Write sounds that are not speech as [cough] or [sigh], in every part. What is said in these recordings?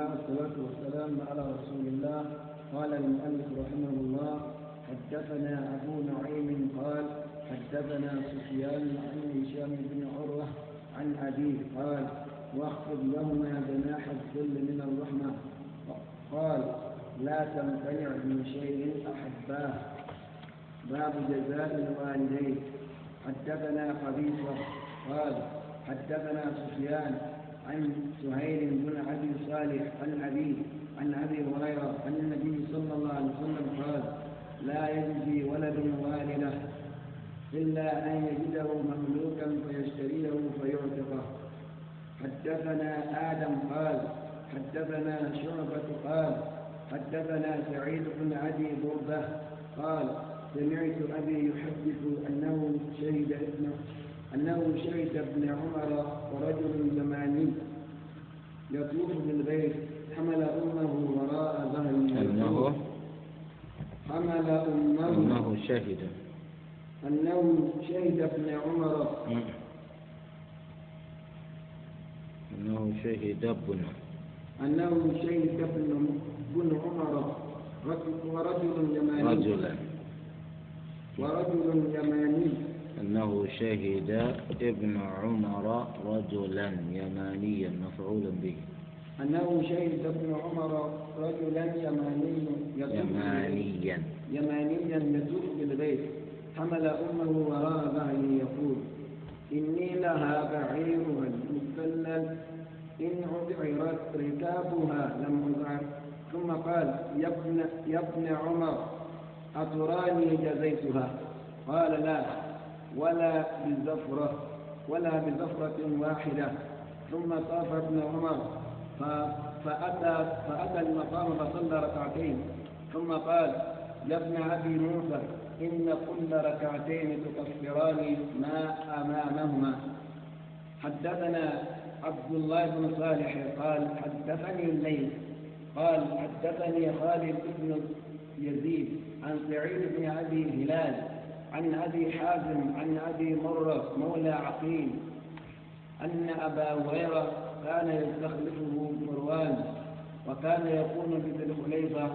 الله والصلاة والسلام على رسول الله قال المؤلف رحمه الله حدثنا أبو نعيم قال حدثنا سفيان عن هشام بن عروة عن أبيه قال واخفض لهما جناح الذل من الرحمة قال لا تمتنع من شيء أحباه باب جزاء الوالدين حدثنا خبيثة قال حدثنا سفيان عن سهيل بن أبي صالح عن أبي عن أبي هريرة عن النبي صلى الله عليه وسلم قال لا يجزي ولد والده إلا أن يجده مملوكا فيشتريه فيعتقه حدثنا آدم قال حدثنا شعبة قال حدثنا سعيد بن أبي بردة قال سمعت أبي يحدث أنه شهد ابنه أنه شهد ابن عمر ورجل زماني يطوف بالبيت حمل أمه وراء ظهره أنه حمل أمه أنه شهد أنه شهد ابن عمر نعم. أنه شهد ابن أنه شهد ابن بن عمر ورجل يماني رجلا ورجل يماني أنه شهد ابن عمر رجلا يمانيا مفعولا به أنه شهد ابن عمر رجلا يمانيا يمانيا يمانيا يسوق بالبيت حمل أمه وراء بعيره يقول إني لها بعير مفلل إن أبعرت ركابها لم أبعر ثم قال يا ابن, يا ابن عمر أتراني جزيتها قال لا ولا بزفرة ولا بزفرة واحدة ثم طاف ابن عمر فأتى, فأتى المقام فصلى ركعتين ثم قال يا ابن أبي موسى إن كل ركعتين تكفران ما أمامهما حدثنا عبد الله بن صالح قال حدثني الليل قال حدثني خالد بن يزيد عن سعيد بن أبي هلال عن أبي حازم عن أبي مرة مولى عقيل أن أبا هريرة كان يستخلفه مروان وكان يكون بذي حليفة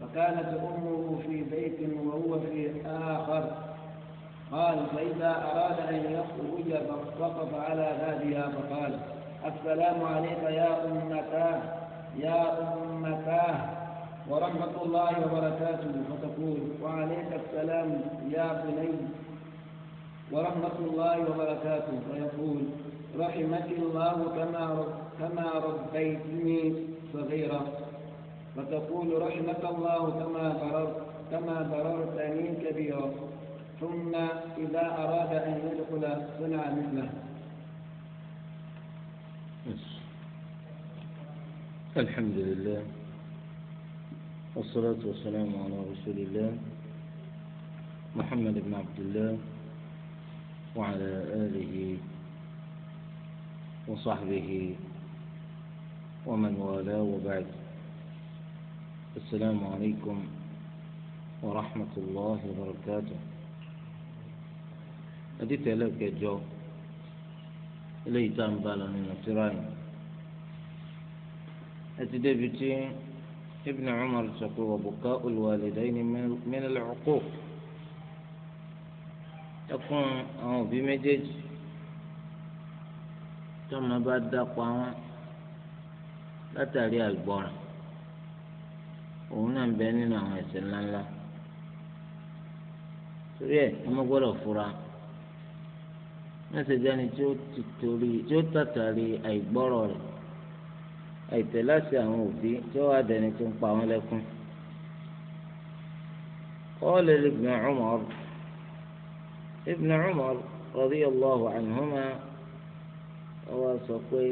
فكانت أمه في بيت وهو في آخر قال فإذا أراد أن يخرج فوقف على بابها فقال السلام عليك يا أمتاه يا أمتاه ورحمة الله وبركاته فتقول وعليك السلام يا بني ورحمة الله وبركاته فيقول رحمك الله كما كما ربيتني صغيرة فتقول رحمك الله كما بررت كما بررتني كبيرة ثم إذا أراد أن يدخل صنع مثله الحمد لله والصلاة والسلام على رسول الله محمد بن عبد الله وعلى آله وصحبه ومن والاه وبعد السلام عليكم ورحمة الله وبركاته أديت لك جو إليه بالا من السرائم أتدبتي ibn umar sọ pé wàbùkà olùwàlẹ̀dẹ́ ni mẹ́rẹ̀lẹ̀ ọkọ̀ ẹkún àwọn òbí méjèèjì tọ́mọ bá dápọ̀ àwọn látàrí àgbọ̀ràn òun náà ń bẹ nínú àwọn ẹ̀ṣẹ̀ ńláńlá torí ẹ̀ ọmọ gbọ́dọ̀ fura mẹ́sẹ̀jáni tí ó ti torí tí ó tàtàrí àìgbọ́rọ̀ rẹ̀. àìtẹ́ láti àwọn òbí tí wọ́n adẹni tó ń pa wọn lẹ́kún. قال لابن عمر ابن عمر رضي الله عنهما وسقي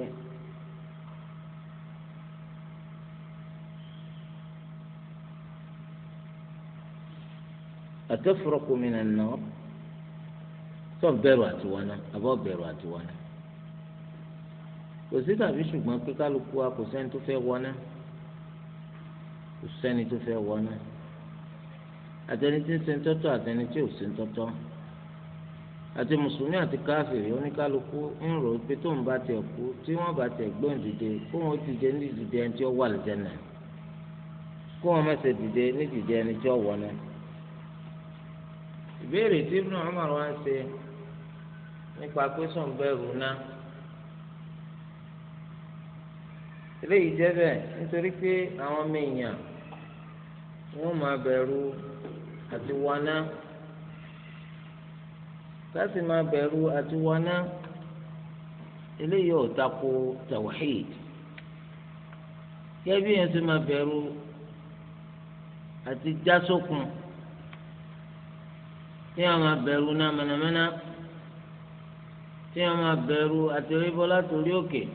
أتفرق من النار صب بيرو أتوانا أبو بيرو أتوانا kò sí tàbí ṣùgbọ́n pé kálukú wa kò sẹ́ni tó fẹ́ wọná kò sẹ́ni tó fẹ́ wọná àtẹni tí ń ṣe tọ́tọ́ àtẹni tí ò ṣe tọ́tọ́ àti mùsùlùmí àti káfíìrì oníkálukú ń rò pé tóun bá tiẹ̀ kú tí wọ́n bá tiẹ̀ gbóhùn dìde kó wọn dìde ní dìde ẹni tí ó wà lẹ́jẹ̀ náà kó wọn mẹ́sẹ̀ dìde ní dìde ẹni tí ó wọ̀ ìbéèrè tí Ibn Umar wá ń ṣe nípa pé sọ̀nbẹ́rù náà. eléyìí jẹ́ bẹ́ẹ̀ nítorí pé àwọn ọmọ èèyàn wọ́n máa bẹ̀rù àti wọná láti máa bẹ̀rù àti wọná eléyìí ò tako tawhid kẹ́bí yẹn ti máa bẹ̀rù àti jásókun tí wọ́n máa bẹ̀rù náà mẹ́nàmẹ́nà tí wọ́n máa bẹ̀rù àti rébọ́lá torí òkè. Okay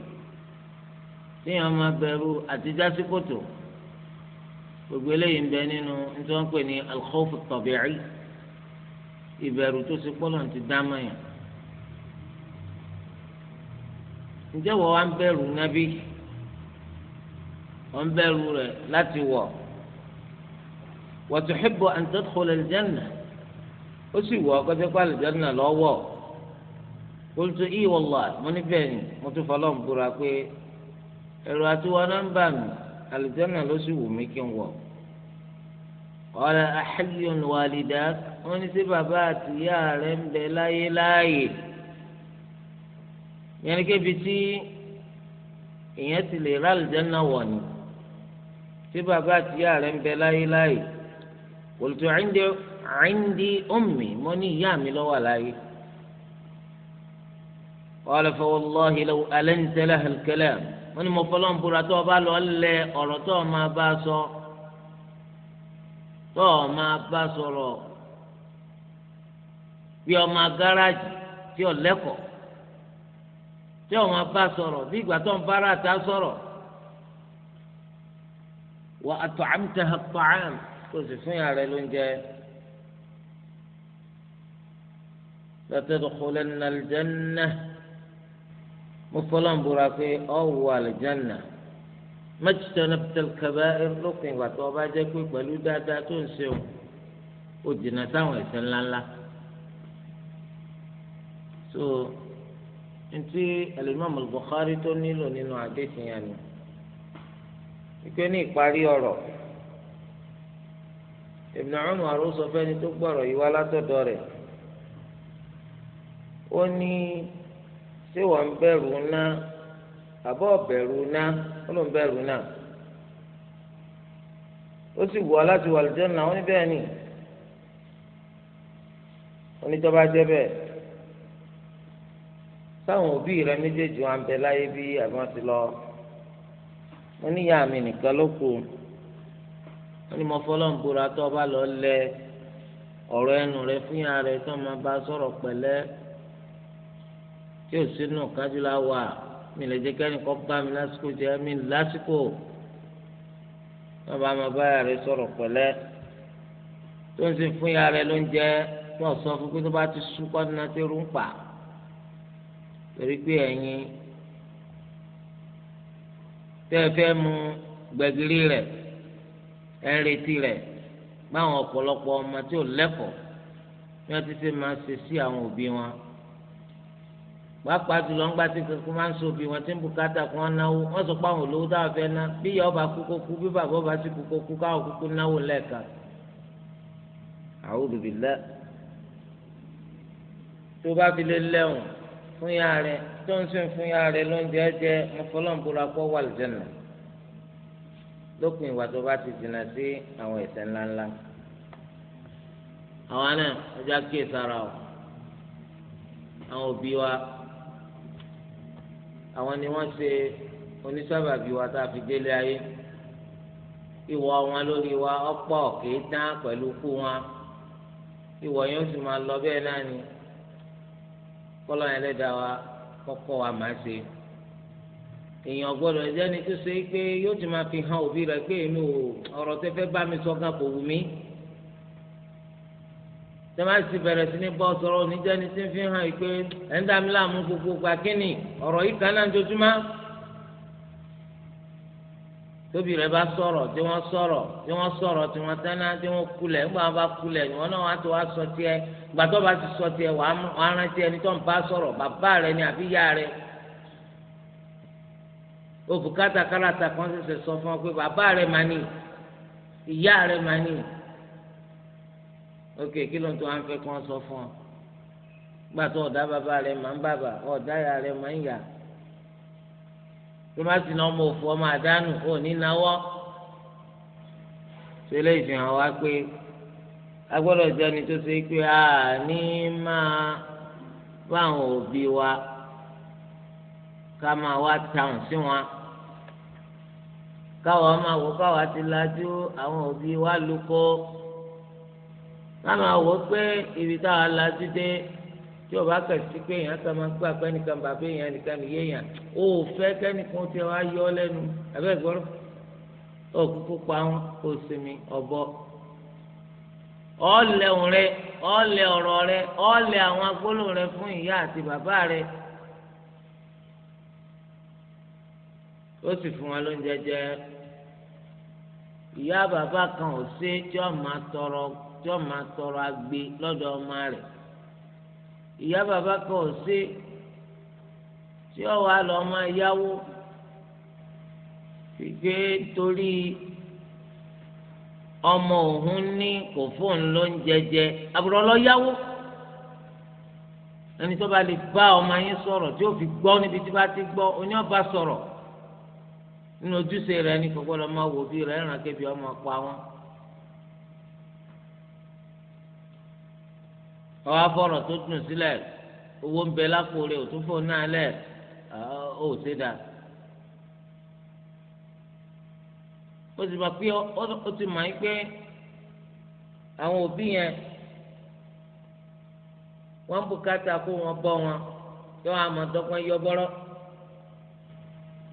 téèyàn máa bẹ̀rù àtijọ́ sí kòtò gbogbo eléyìí ń bẹ nínú nítorí wọn pè ní alkhawfu tabi'i ìbẹ̀rù tó ṣe pọ́lọ̀ ti dá mọ́yàn. ǹjẹ́ wọ́n wá ń bẹ̀rù nábì wọ́n bẹ̀rù rẹ̀ láti wọ̀ wa tuhibbu an tadkhula al-janna ó sì wọ̀ ọkọ̀tẹ́ pa al lọ́wọ́ qultu i wallahi mo ni mo tún fọlọ́ ń búra pé ẹ̀rọ àtiwọ́ náà ń bà mí àlùjáná ló sì wù mí kí n wọ̀ ọ̀rẹ́ àhẹ́lìyàn wàlídà wọ́n ní sí bàbá àti ìyá rẹ̀ ń bẹ láyé láàyè yẹn ní kébi tí ìyẹn ti lè rà àlùjáná wọ̀ ni tí bàbá àti ìyá rẹ̀ ń bẹ láyé láàyè qultu indi indi ummi mo ní ìyá mi ló wà láyé. قال فوالله لو ألنت لها الكلام wọ́n ní mo fọlọ́ ń búra tó o bá lọ lẹ ọ̀rọ̀ tó o máa bá sọ tó o máa bá sọ̀rọ̀ bí ọmọ gáràjì tí o lẹ́kọ̀ọ́ tí o máa bá sọ̀rọ̀ bí ìgbà tó ń bára ta sọ̀rọ̀ wà á tọ́ àmì tẹ̀ hàn kó o sì fún yàrá rẹ lóúnjẹ. لتدخلن الجنة mo fọlọ́n bora pé ọ̀wọ́ àlùjáná mẹ́tìtọ́nà pẹ̀tẹ́lkẹ́bẹ́ lópin ìgbà tó o bá jẹ́ pé pẹ̀lú dáadáa tó ń ṣe o ò jìnnà sáwọn ẹ̀ṣẹ̀ ńláńlá. so ntí alimami Bukhari tó nílò nínú àdéhùn yẹn ni wípé ní ìparí ọ̀rọ̀ Ibn Umar àròsọ fẹ́ni tó gbọ́rọ̀ yìí wá látọ̀dọ̀ rẹ̀ ó ní ṣé wọ́n ń bẹ̀rù ná àbọ̀ bẹ̀rù ná ó ló ń bẹ̀rù ná ó sì wù ọ́ láti wà àlùjánnà ó ní bẹ́ẹ̀ ni onítọ́ba jẹ́ bẹ́ẹ̀ sáwọn òbí rẹ méjèèjì wọn bẹ láyé bí àwọn ti lọ wọn níyà mi nìkan ló kù wọn ni mo fọlọ́n búra tó ọba lọ lẹ ọ̀rọ̀ ẹnu rẹ fún yàrá rẹ tó máa bá sọ̀rọ̀ pẹ̀lẹ́ yóò sínú kájú la wà mi lè jẹ́ kẹ́ni kọ́ bá mi lásìkò jẹ́ mi lásìkò bàbá mi báyà rẹ sọ̀rọ̀ pẹ̀lẹ́ tó ń sin fún ya rẹ ló ń jẹ́ tó sọ fún pé tó bá ti sún kọ́dúnà tó rú ń pa torí pé ẹ̀yin tẹ́ ẹ fẹ́ mu gbẹ̀gìrì rẹ̀ ẹ̀ retí rẹ̀ báwọn ọ̀pọ̀lọpọ̀ ọmọ tí ò lẹ́kọ̀ọ́ ni wọ́n ti ṣe máa ṣe sí àwọn òbí wọn wàá pàdé lọ ńgbà tí kankan máa ń sobi wọn ti ń bùkátà kí wọn náwó wọn sọ pé àwọn olówó táwọn fẹ́ ná bí ìyá ọba kúkó kú bí bàbá ọba sì kúkó kú káwọn kúkó náwó lẹ́ẹ̀ka. a'udhu billah tó bá fi lé lẹ́wọ̀n fún yàrá rẹ tó ń sìn fún yàrá rẹ lóúnjẹ jẹ mọ́fọ́lọ́mùbúra kọ́ wà lùjẹ́nà lópin ìwà tó bá ti dìnnà sí àwọn ẹ̀ṣẹ̀ ńláńlá. àwọn náà ọjà kíyèsára àwọn òbí wa àwọn ni wọ́n ṣe onísábàbí wa tá a fi délé ayé ìwọ wọn lórí wa ọ̀pọ̀ kìí tán pẹ̀lú kú wọn ìwọ yẹn ó sì máa lọ bẹ́ẹ̀ náà ni kọlọ yẹn lẹdá wa kọ́kọ́ wa máa ṣe èèyàn gbọ́dọ̀ ẹjẹ ni tó ṣe pé yóò ti máa fi hàn òbí rẹ̀ pé èmi ò ọ̀rọ̀ bá mi sọ gan kò wù mí tẹmáàsì bẹ̀rẹ̀ sini ní bọ́ sọ̀rọ̀ oníjẹ́ni tí ń fi hàn yìí pé ẹ̀ńdàmílàmú gbogbo gbà kínní ọ̀rọ̀ yìí kan náà jojúmọ́. tóbi rẹ̀ bá sọ̀rọ̀ tí wọ́n sọ̀rọ̀ tí wọ́n sọ̀rọ̀ tí wọ́n tẹ́ná tí wọ́n kulẹ̀ ńgbà wọn bá kulẹ̀ wọn náà wọn á wá sọ tiẹ̀ gbà bá ti sọ tiẹ̀ wàá rántí ẹni tó ń bá sọ̀rọ̀ bàbá rẹ̀ ni àbí yá rẹ̀ òbúkátà káràtà kan ṣẹ̀ṣẹ̀ sọ fún ọ pé bàbá rẹ̀ mà ní ìyá rẹ̀ mà ní ok kí ló ń tó à ń fẹ́ kí wọ́n sọ fún ọ gbà tó ọ̀dá bàbá rẹ màá ń bàbà ọ̀dá ìyá rẹ màá ń yà tó má sì ná ọmọ òfu ọmọ àdánù ò ní náwọ́ ṣe lè fi hàn wá pé a gbọ́dọ̀ ẹni tó ṣe pé a ní máa báwọn òbí wa ká máa wá tàùn sí wọn káwọn máa wò káwọn ti lajú àwọn òbí wa lóko láàmú àwọ̀ pé ibi táwa la ti dé tí o bá kẹsí pé èèyàn kan máa ń gbà pé ẹnìkan bàbá èèyàn nìkan nìyé èèyàn ó fẹ́ kẹ́nìkan tí wàá yọ lẹ́nu abẹ́ gbọ́rọ̀ ó kúkú pa wọn ó sinmi ọ̀bọ. ọ̀ọ́lẹ̀ òun rẹ ọ̀ọ́lẹ̀ ọ̀rọ̀ rẹ ọ̀ọ́lẹ̀ àwọn agbólóhùn rẹ fún ìyá àti bàbá rẹ ó sì fún wọn lóúnjẹ jẹ ìyá bàbá kan ò sí tí wọn máa tọrọ tí wọ́n máa tọrọ agbe lọ́dọ̀ ọmọ rẹ̀ ìyá bàbá kan ò sí tí ó wàá lọ máa yáwó fìgbé torí ọmọ òun ní kò fóun ló ń jẹjẹ àbúrò lọ yáwó ẹni tó bá lè bá ọmọ yín sọ̀rọ̀ tí ó fi gbọ́ níbi tí bá ti gbọ́ oní ọba sọ̀rọ̀ nínú ojúṣe rẹ̀ ní kò gbọ́dọ̀ máa wò bí rẹ̀ ẹ̀ràn kébi ọmọ pa wọn. ọwọ afọrọ tó dùn sílẹ̀ owó ń bẹ lápò rẹ òtún fò náà lẹ ọ ṣe dà ó sì máa pé ó ti máa ń pé àwọn òbí yẹn wọn bùkátà kó wọn bọ́ wọn yọ àmọ̀dọ́gbọ́n yọ bọ́rọ́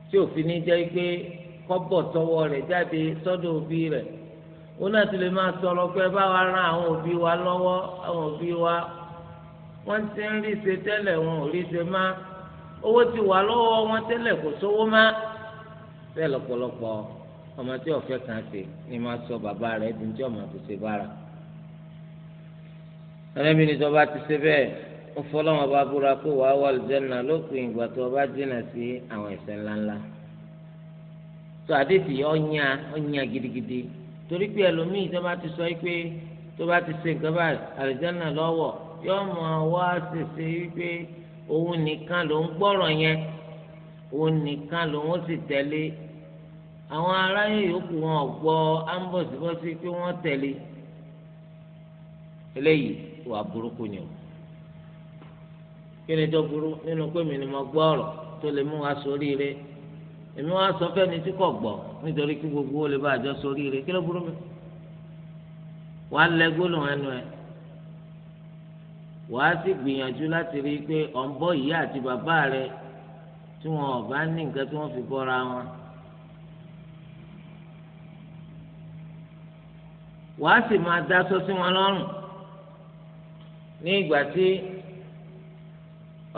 tí òfin ní jẹ́ pé kọ́bọ̀ tọwọ́ rẹ̀ jáde sọ́dọ̀ òbí rẹ̀ wọn náà ti lè máa tọrọ pé bá wa ran àwọn òbí wa lọ́wọ́ àwọn òbí wa wọ́n ti ń rí ṣe tẹ́lẹ̀ wọn ò rí ṣe má owó ti wà lọ́wọ́ wọn tẹ́lẹ̀ kò sówó má bẹ́ẹ̀ lọ́pọ̀lọpọ̀ ọmọ tí ọ̀fẹ́ kan ṣe ni máa sọ bàbá rẹ̀ di tí ọmọ tó ṣe bára ẹlẹ́mi ni tọ́ba ti ṣe bẹ́ẹ̀ ó fọlọ́wọn bá búra pé wàá wà lùjẹ́nà lópin ìgbà tó ọba jìnnà sí àwọn ẹ̀ṣẹ̀ ńláńlá tó àdéhìí ọ̀nyà ọ̀nyà gidigidi torí pé ẹlòmíì tó bá ti sọ pé tó bá ti ṣe nǹkan báyìí àlìjáná lọ́wọ́ yóò mọ̀ wá ṣèṣe wípé òun nìkan ló ń gbọ́rọ̀ yẹn òun nìkan ló ń sì tẹ̀lé àwọn aráyé yòókù wọn gbọ́ ámbọ̀sibọ́sí pé wọ́n tẹ̀lé eléyìí wà burúkú ni o kí ni tó burú nínú pé mi ni mo gbọ́ ọ̀rọ̀ tó lè mú wa sórí rẹ̀ èmi wọn sọ fẹ́ ni tí kò gbọ́ nítorí kí gbogbo olè bá àjọ sórí rẹ kí ló burú mi wàá lẹ gbólóhùn ẹnu ẹ wàá sì gbìyànjú láti rí i pé ọ̀nbọ yìí àti bàbá rẹ tí wọn ò bá ní nǹkan tí wọ́n fi bọ́ra wọn. wàá sì máa dáṣọ sí wọn lọ́rùn ní ìgbà tí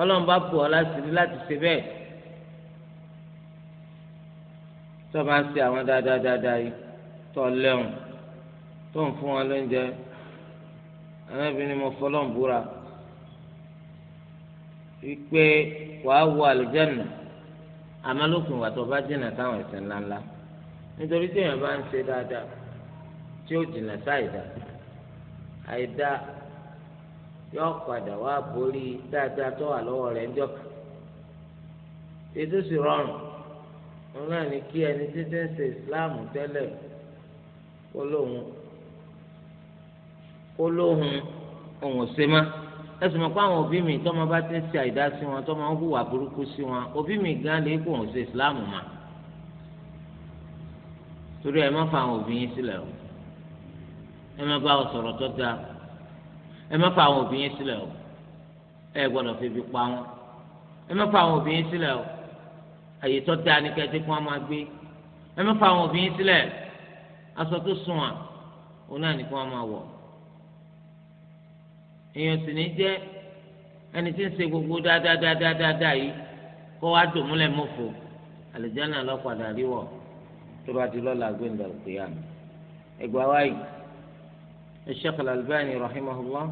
ọlọ́run bá bù ọ́ láti rí láti ṣe bẹ́ẹ̀. tó bá ń ṣe àwọn dáadáa dáadáa yìí tó lẹ́hùn tó ń fún wọn lóúnjẹ anábì ni mo fọlọ́n búra wípé wàá wọ àlùjánnà àmọ́ lókun wà tó bá jìnnà táwọn ẹ̀ṣẹ̀ ńláńlá nítorí tí èèyàn bá ń ṣe dáadáa tí ó jìnnà sáìdá àìdá yóò padà wá borí dáadáa tó wà lọ́wọ́ rẹ̀ ńjọ́ ètò sì rọrùn wọn náà ní kí ẹni títí ń ṣe islam tẹ́lẹ̀ kó lóhun kó lóhun òun ṣe má ẹsùn mọ̀ pé àwọn òbí mi tọ́mọ bá ti ń ṣe àìdá sí wọn tọ́mọ ń hùwà burúkú sí wọn òbí mi gan lè kó òun ṣe islam mà torí ẹ má fa àwọn òbí yín sílẹ̀ o ẹ má bá ọ sọ̀rọ̀ tó dáa ẹ má fa àwọn òbí yín sílẹ̀ o ẹ gbọ́dọ̀ fi ibi pa wọn ẹ má fa àwọn òbí yín sílẹ̀ o àyè tó dáa ní kẹtí kí wọ́n máa gbé ẹ má fa àwọn obìnrin sílẹ̀ aṣọ tó sùn à òun náà ní kí wọ́n máa wọ̀ èèyàn sì ní jẹ́ ẹni tí ń ṣe gbogbo dáadáadáadáa yìí kó wá dòmúlẹ̀ mọ́fò àlùjáná lọ́padà ríwọ̀ tó bá ti lọ́la gbẹ̀ǹdà òkè àná ẹgbàá wáyé الشيخ الألباني رحمه الله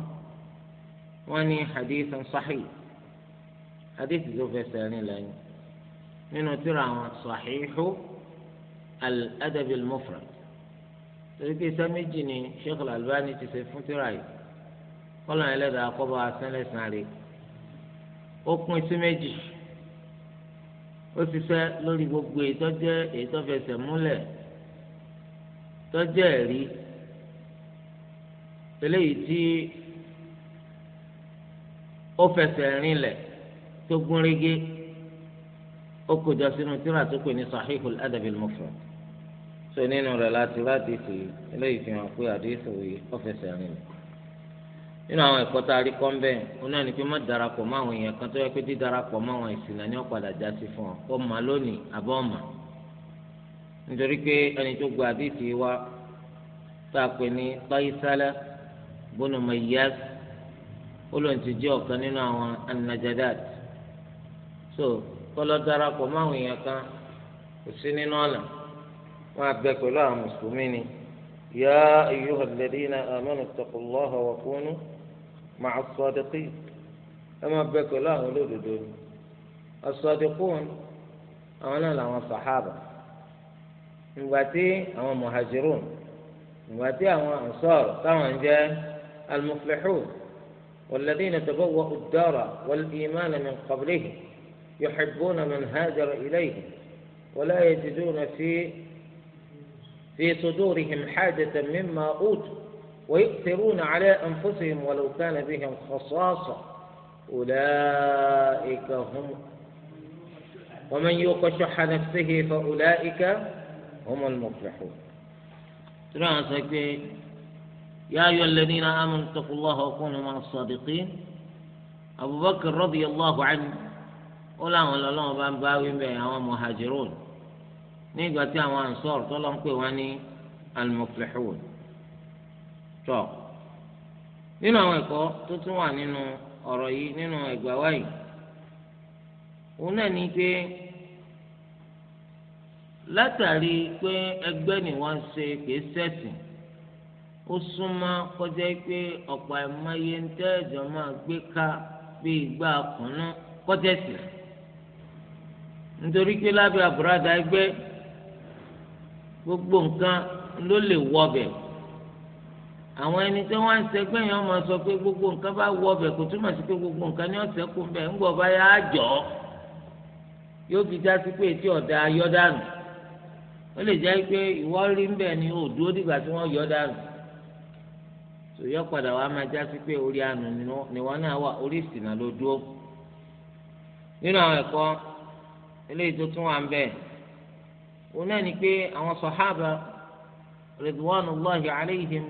وأني حديث صحيح حديث ذو فسان لأنه nínú tíra àwọn sàhíhù al-adab al-mufrad torí pé iṣẹ́ méjì ni sheikh al-albani ti ṣe fún tíra yìí kọ́lá ẹlẹ́dàá akọ́bọ̀ asẹ́lẹ̀sán rè ó pín sí méjì ó ti lórí gbogbo ìtọ́jẹ́ ìtọ́fẹsẹ̀ múlẹ̀ tọ́jẹ́ ẹ̀rí eléyìí tí ó fẹsẹ̀ rinlẹ̀ tó gúnrégé ó kójọ sínú tíra tó pè ní sahihul adabil mufrad so nínú rẹ̀ láti láti fi eléyìí fi hàn pé àdéhùn yìí ọ̀fẹ́sẹ̀ rìn nínú àwọn ẹ̀kọ́ tá a rí kọ́ ń bẹ́ẹ̀ òun náà ni pé má darapọ̀ mọ́ àwọn èèyàn kan tó yẹ pé dídarapọ̀ mọ́ àwọn ìsìn náà ni ó padà já sí fún ọ ó mà lónìí àbọ̀ ọ̀mà nítorí pé ẹni tó gba àdéhùn wa tá a pè ní Qaysala bunu Mayyaz ó lóun ti jẹ́ ọ̀kan nínú àwọn anajadat so kọlọ darapọ̀ mọ́ àwọn èèyàn kan kò sí nínú ọ̀nà wọn àgbẹ̀ pẹ̀lú àwọn mùsùlùmí ni yá ayyuha alladhina amanu ittaqullaha wa kunu ma'a ọdẹ pé ẹ máa bẹ pẹ̀lú àwọn olódodo ni as-sadiqun àwọn náà làwọn sàhábà ìgbà tí àwọn muhajirun ìgbà tí àwọn ansar táwọn jẹ́ al-muflihun والذين تبوأوا الدار والإيمان من قبلهم يحبون من هاجر إليهم ولا يجدون في في صدورهم حاجة مما أوتوا ويؤثرون على أنفسهم ولو كان بهم خصاصة أولئك هم ومن يوق شح نفسه فأولئك هم المفلحون يا أيها الذين آمنوا اتقوا الله وكونوا مع الصادقين أبو بكر رضي الله عنه ó láwọn lọ́lọ́wọ́ bá ń bá wí àwọn muhajirun ní ìgbà tí àwọn ansọ́ọ̀rù tọ́lọ́ ń pè wọ́n ní al-muflihun tọ́ nínú àwọn ẹ̀kọ́ tó tún wà nínú ọ̀rọ̀ yìí nínú ẹgbà wáyìí òun náà ní pé látàrí pé ẹgbẹ́ ni wọ́n ṣe nítorí pé lábẹ́ àbúradà ẹgbẹ́ gbogbo nǹkan ló lè wọbẹ̀ àwọn ẹni tí wọ́n ń ṣẹgbẹ́ yẹn máa sọ pé gbogbo nǹkan bá wọbẹ̀ kò túmọ̀ sí pé gbogbo nǹkan ni ọ̀sẹ̀ kù bẹ̀ ńgbọ̀ bá yá jọ́ yóò fi já sí pé etí ọ̀dà ayọ́dànù ó lè jẹ́ pé rí ń bẹ̀ ni ò dìgbà tí wọ́n yọ dànù padà wàá máa já eléyìí tó tún wà ń bẹ òun náà ni pé àwọn sọhábà ridwanullahi alayhim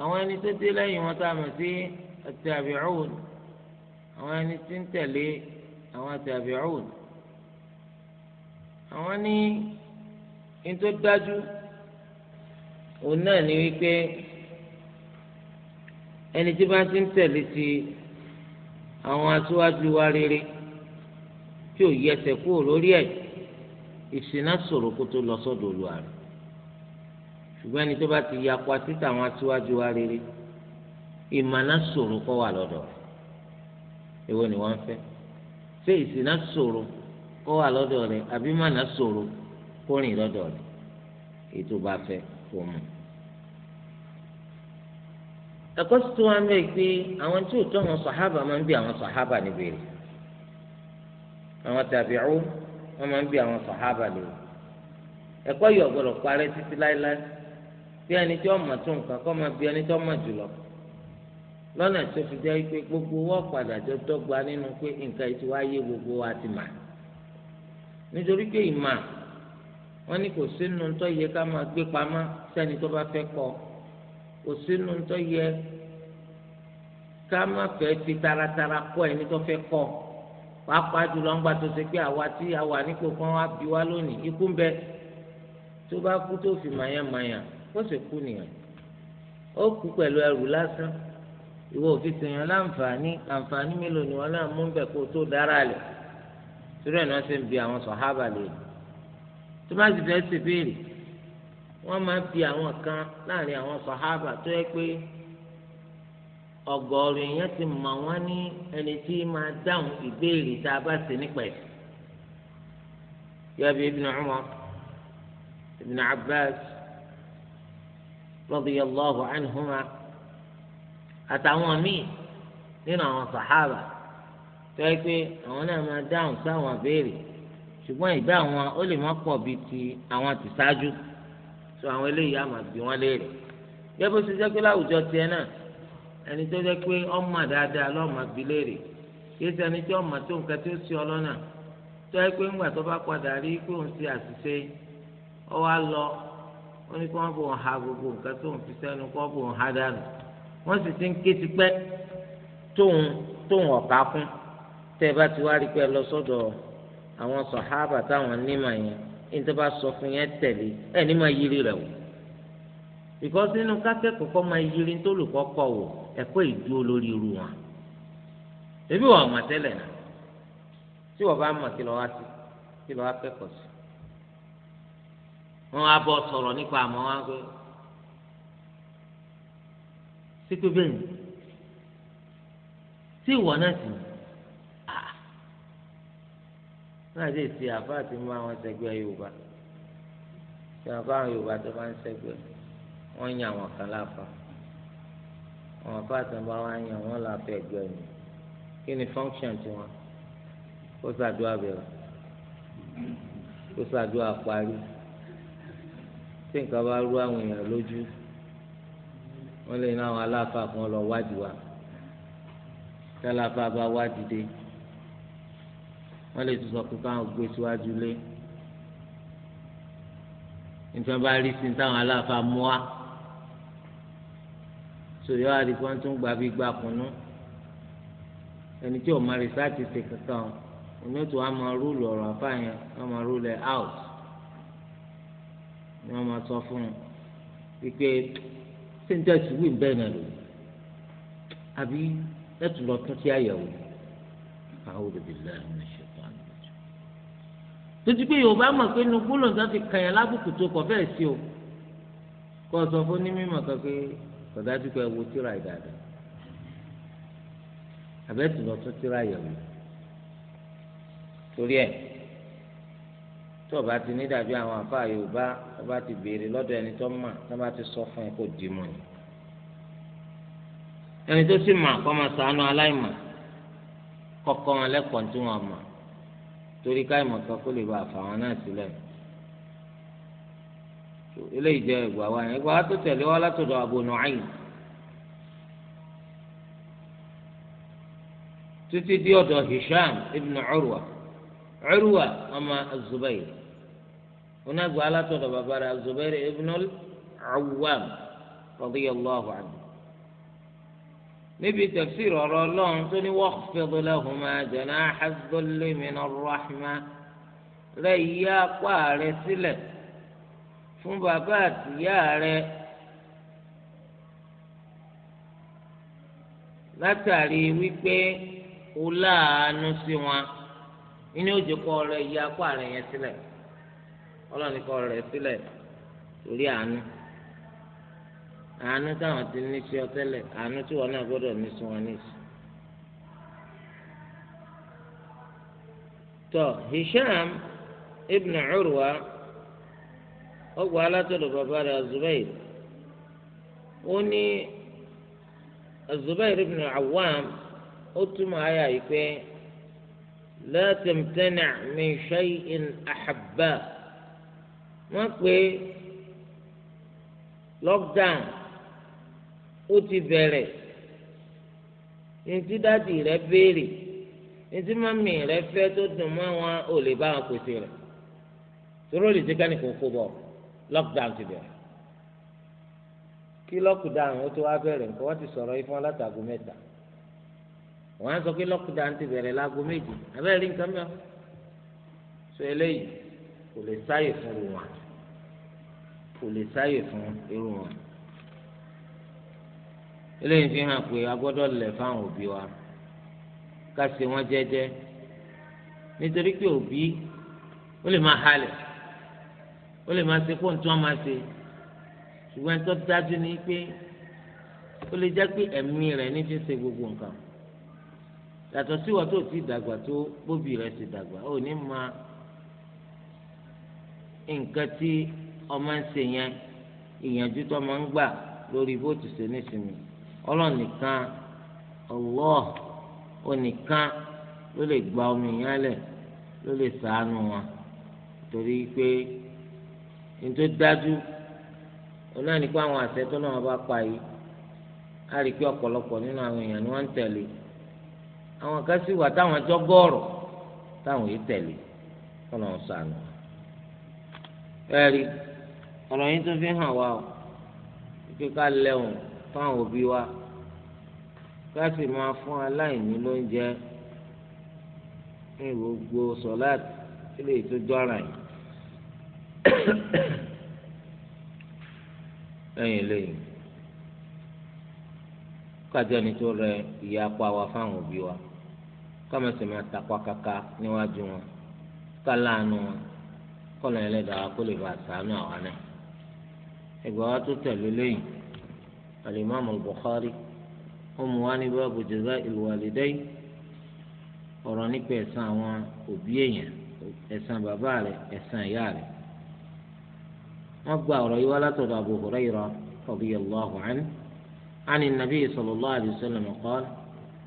àwọn ẹni tó dé lẹ́yìn wọn tá a mọ̀ sí at-tabi'un àwọn ẹni tí ń tẹ̀lé àwọn at-tabi'un àwọn ní ní tó dájú òun náà ni wípé ẹni tí bá ti ń tẹ̀lé ti àwọn aṣíwájú wa rere tí ò yẹ ẹsẹ̀ kúrò lórí ẹ̀ ìṣìnà sọ̀rọ̀ kó tó lọ sọ́dọ̀ olúwa rẹ̀ ṣùgbọ́n ẹni tó ti ya pa títà àwọn aṣíwájú wa rere ìmọ̀nà sọ̀rọ̀ kọ́ wà lọ́dọ̀ rẹ̀ ni wọ́n fẹ́ ṣé ìṣìnà sọ̀rọ̀ kọ́ wà lọ́dọ̀ rẹ̀ àbí mọ̀nà sọ̀rọ̀ kó rìn lọ́dọ̀ rẹ̀ èyí tó bá fẹ́ kó mú ẹ̀kọ́ sì tún wá ń bẹ̀ pé àwọn tí ò tọ́ máa ń bí àwọn àwọn tàbí'ùn wọn máa ń bi àwọn sàhábà lò ẹ̀kọ́ yìí ọ̀gbọ́dọ̀ parẹ́ títí láéláé bí ẹni tí wọ́n mọ̀ tó nǹkan kọ́ máa bi ẹni tí wọ́n mọ̀ jùlọ lọ́nà tó fi jẹ́ pé gbogbo wọ́n padà jọ dọ́gba nínú pé nǹkan yìí ti gbogbo wa ti mà nítorí pé ìmà wọn ní kò sínú tó yẹ ká máa gbé pamọ́ sẹ́ni tó bá fẹ́ kọ́ kò sínú tó yẹ ká máa fẹ́ fi taratara kọ́ ẹni tó fẹ́ kọ́ ọ pàápàá jùlọ ńgbà tó ṣe pé àwa tí a wà nípò kan wá bí wá lónìí ikú ń bẹ tó bá kú tó fi màyàmáyà ó sì kú nìyẹn ó kú pẹ̀lú ẹrù lásán ìwọ òfin sèyàn láǹfààní àǹfààní mélòó ni wọn náà mú bẹ kó tó dára lẹ torí ẹ̀ náà ṣe ń bi àwọn sọ̀hábà lè tó bá sì fẹ́ ṣèbéèrè wọ́n máa ń bi àwọn kan láàrin àwọn sọ̀hábà tó yẹ pé ọgọ́rùn èèyàn ti mọ̀ wọ́n ní ẹni tí máa dáhùn ìbéèrè tá a bá ṣe nípa ẹ̀. yọ̀bí ibn Umar ibn Abbas radiyallahu anhuma àtàwọn míì nínú àwọn sàhábà tó yẹ pé àwọn náà máa dáhùn sáwọn béèrè ṣùgbọ́n ìgbà àwọn ó lè má pọ̀ bíi ti àwọn tìṣáájú tó àwọn eléyìí á máa bi léèrè. yẹ́bí ó ti jẹ́ pé láwùjọ tiẹ̀ náà ẹni tó jẹ́ pé ọmọ dáadáa lọ́mọ gbiléèrè yìí sẹ́ni tí ọmọ tó nǹkan tó sí ọ lọ́nà tó yẹ pé ńgbà tó bá padà rí pé òun ti àṣìṣe ọ wá lọ ó ní kí wọ́n bò ń ha gbogbo nǹkan tó ń fi sẹ́nu kí wọ́n bò ń ha dànù wọ́n sì ti ń ké tipẹ́ tóun tóun ọ̀ka fún tẹ́ ẹ bá ti wá rí pé ẹ lọ sọ́dọ̀ àwọn sọ̀hábà táwọn nímọ̀ yẹn ní tó bá sọ fún yẹn tẹ̀lé ẹ̀ ní yiri rẹ̀ wò because nínú kákẹ́kọ̀ọ́ kọ́ máa yiri tó lùkọ́ kọ̀ wò ẹ̀kọ́ ìdúró lórí irú wọn ebi wọn mọ̀ tẹ́lẹ̀ náà tí wọn bá mọ̀ kí lọ wá sí kí lọ wá kẹ́kọ̀ọ́ sí wọn á bọ nípa àmọ́ wọn pé sípé bẹ́ẹ̀ ni tí ìwọ náà sì náà lè ṣe àfáà tí mo àwọn ṣẹgbẹ́ Yorùbá ṣe àfáà Yorùbá tó máa ń ṣẹgbẹ́ wọn yàn àwọn kan láfa àwọn afáàtàn bá wá yan wọn là fẹ́ gbẹ ni kí ni function tiwọn kó ṣàdúrà bẹ̀rẹ̀ kó ṣàdúrà parí tí nǹkan bá rú àwọn èèyàn lójú wọn lè ní àwọn aláfa kan lọ wádìí wa tẹláfa bá wádìí dé wọn lè tún sọ pé káwọn gbé síwájú lé nítorí wọn bá rí sí ní táwọn aláfa mú wa sòyọ àdìpọ̀ tó ń gbà bí gbà kùnú ẹni tí ọmọ rìsáàtì ṣe kankan òní ètò wa máa rúlù ọ̀rọ̀ àfààyàn wa máa rúlù ẹ̀ out ni wọ́n máa sọ fún un wípé ṣé ń tẹ̀sí wí bẹ́ẹ̀ náà lò àbí ẹ̀tù lọ tún sí àyẹ̀wò àwọn olùdílé ẹ̀mí ṣe fún àná tuntun pé yorùbá mọ̀ pé inú gbólóńtà ti kàn yẹn lábùkù tó kọ̀ fẹ́ẹ̀ sí o kọ́ ọ sọ fún ní mímọ̀ kan pé kọ̀dájú pé wo tíra ìdàdà àbẹ́tù lọ tún tíra yẹ̀wò torí ẹ̀ tí ọba ti ní dàbí àwọn àfa Yorùbá ọba ti béèrè lọ́dọ̀ ẹni tó mà tó bá ti sọ fún ẹ kó dì mọ́ ni ẹni tó sì mà kọ́ máa ṣàánú aláìmọ̀ kọ́kọ́ wọn lẹ́kọ̀ọ́ tí wọ́n mọ̀ torí káìmọ̀ kan kó lè bá àfàwọn náà sílẹ̀ yìí eléyìí jẹ́ ìgbà wa yẹn ìgbà wa tó tẹ̀lé wa látọ̀dọ̀ Abu Nu'aym títí di ọ̀dọ̀ Hisham ibn Urwa Urwa ọmọ Az-Zubayr onagba alátọ̀dọ̀ bàbá rẹ̀ Az-Zubayr ibn al-Awwam radiyallahu anhu níbi tafsir ọ̀rọ̀ ọlọ́run tó ní waqfid lahuma janaha adh-dhulli mina ar rẹ̀ yí apá rẹ̀ sílẹ̀. fún bàbá àtìyá rẹ látàrí wípé o láàánú sí wọn inú òjò kọ rẹ yí apá rẹ yẹn sílẹ̀ ọlọ́ni kọ rẹ sílẹ̀ torí àánú àánú táwọn ti ní sí ọ tẹ́lẹ̀ àánú tí wọn náà gbọ́dọ̀ ní sí wọn nísì. tọ́ Hisham ibn Urwa. ọgbà alátọ̀dọ̀ bàbá rẹ̀ azubair ó ní azubair ibn awam ó túmọ̀ àyà yìí pé la tamtana' min shay'in ahabba wọ́n pé lockdown ó ti bẹ̀rẹ̀ ntí dáàdì rẹ̀ béèrè ntí mọ́mì rẹ̀ fẹ́ tó dùn mọ́ wọn ò bá wọn pèsè rẹ̀ tó rọ́ọ̀lì tí ká nìkan kó lockdown ti bẹ̀rẹ̀ kí lockdown ó tó wá bẹ̀rẹ̀ nǹkan wọ́n ti sọ̀rọ̀ ifọ̀ látàgò mẹ́ta wọ́n á sọ pé lockdown ti bẹ̀rẹ̀ láago méjì abẹ́rẹ́ rí nǹkan mẹ́wàá sọ eléyìí kò lè sáyè fún irun wọn kò lè sáyè fún irun wọn eléyìí fi hàn pé a gbọ́dọ̀ lẹ̀ fáwọn òbí wa ká ṣe wọ́n jẹ́jẹ́ nítorí pé òbí ó lè máa halẹ̀ ó lè máa ṣe kó nǹkan máa ṣe ṣùgbọ́n ẹni tó dájú ni pé ó lè jẹ́ pé ẹ̀mí rẹ̀ ní fi ṣe gbogbo nǹkan yàtọ̀ sí wọ́n tó ti dàgbà tó bóbi rẹ̀ ṣe dàgbà ó ní ma nǹkan tí ọmọ ń ṣe yẹn ìyànjú tó máa ń gbà lórí bó ti ṣe nísìnyí ọlọ́run nìkan Allah onìkan ló lè gba omi yẹn lẹ̀ ló lè sàánú wọn torí pé nítorí dájú òun náà ní pé àwọn àṣẹ tó náà bá pa yìí á rí i pé ọ̀pọ̀lọpọ̀ nínú àwọn èèyàn ni wọ́n ń tẹ̀lé àwọn kan sì wà táwọn jọ gọ́ọ̀rọ̀ táwọn yìí tẹ̀lé kọ́nà ọ̀sán ẹ̀rí ọ̀rọ̀ yìí tó fi hàn wá o pé ká lẹ́wọ̀n fáwọn òbí wa ká sì máa fún aláìní lóúnjẹ ní gbogbo sọ̀láàtì ilé ìtọ́jú ara yìí. [coughs] lẹ́yìn lẹ́yìn kájọ ni tó rẹ ìyá apá wa fáwọn òbí wa káma sì máa takwa kaka níwájú wọn káláàánú wọn kọlọ̀ ẹlẹ́dàá kó lè bá sàánú àwa náà ẹgbẹ́ wa tó tẹ̀lé lẹ́yìn alimami Bukhari ó mú wa ní báàbù jaza'il walidayn ọ̀rọ̀ nípa ẹ̀san àwọn òbí èèyàn ẹ̀san bàbá rẹ̀ ẹ̀san ìyá rẹ̀. أبقى أري ولا أبو هريرة رضي الله عنه عن النبي صلى الله عليه وسلم قال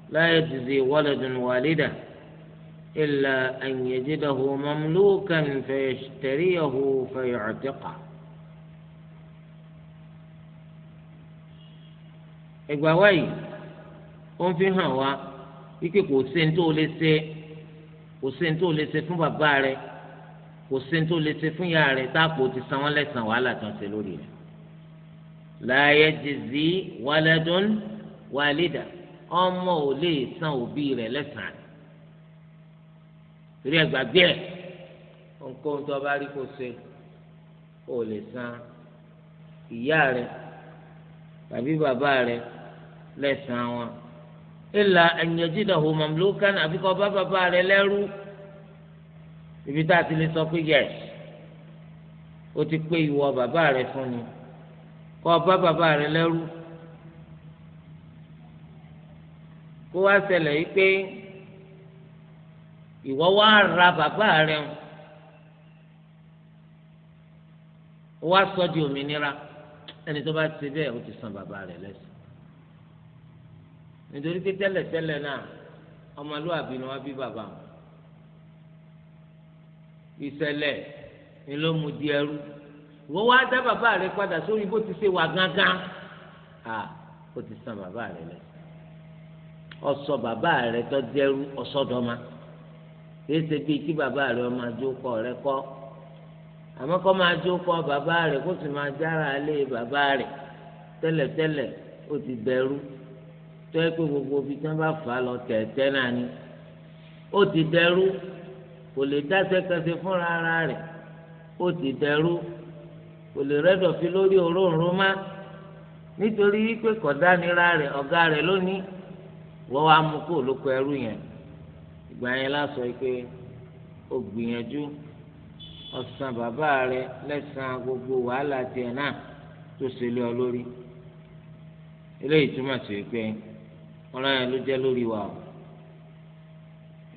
لا يجزي ولد والده إلا أن يجده مملوكا فيشتريه فيعتقه ẹgbà wáyé ó ń fi hàn wá wípé kò sí ní tó lè ṣe kò sí ní tó lè ṣe fún bàbá rẹ kò sí ní tó lè ṣe fún ìyá rẹ̀ táàpò ti san wọ́n lẹ́sàn wàhálà tó ń ṣe lórí rẹ̀ láàyè jìzí wàlẹ́dún wàlídà ọmọ ò lè san òbí rẹ̀ lẹ́sàn rẹ̀ torí ẹgbàgbé ẹ̀ ohunkóhun tó bá rí kó ṣe ó lè san ìyá rẹ̀ tàbí bàbá rẹ̀ lẹ́sàn wọn ìlà ẹ̀yìn ẹ̀jídàwó mamlúkan àbíkọ́ bá bàbá rẹ̀ lẹ́rú ibi tá a ti lè sọ pé yes o ti pé ìwọ bàbá rẹ fún mi kọ bá bàbá rẹ lẹ́rú kó wá ṣẹlẹ̀ yìí pé ìwọ wá ra bàbá rẹ o wá sọ di òmìnira ẹni tó bá ti bẹ́ẹ̀ o ti san bàbá rẹ lẹ́sìn nítorí pé tẹ́lẹ̀tẹ́lẹ̀ náà ọmọlúwàbí ni wọ́n bí bàbá wọn ìṣẹ̀lẹ̀ ni ló mu di ẹrú ìwọ wá dá bàbá rẹ padà sórí bó ti ṣe wà gángan à ó ti san bàbá rẹ lẹ ọsọ bàbá rẹ tó dẹrú ọsọdọmà kìí ṣe bíi kí bàbá rẹ ọmọ àjòkọ rẹ kọ àmọ́ kọ máa àjòkọ bàbá rẹ kó sì máa jára lé bàbá rẹ tẹ́lẹ̀tẹ́lẹ̀ ó ti dẹrú tó yẹ pé gbogbo ibi tí wọn bá fà á lọ tẹ̀tẹ̀ náà ni ó ti dẹrú kò lè dáṣẹ kẹsẹ fúnra ara rẹ̀ ó ti dẹrú kò lè rẹdọ̀fi lórí òróǹro má nítorí wípé kọ̀dánira rẹ̀ ọ̀gá rẹ̀ lónìí wọ́n wá mú kó lóko ẹrú yẹn ìgbà yẹn lásọ pé ó gbìyànjú ọ̀sán bàbá rẹ̀ lẹ́sàn gbogbo wàhálà tiẹ̀ náà tó ṣe lé ọ lórí eléyìí túmọ̀ sí pé ọlọ́run ló jẹ́ lórí wa o pé.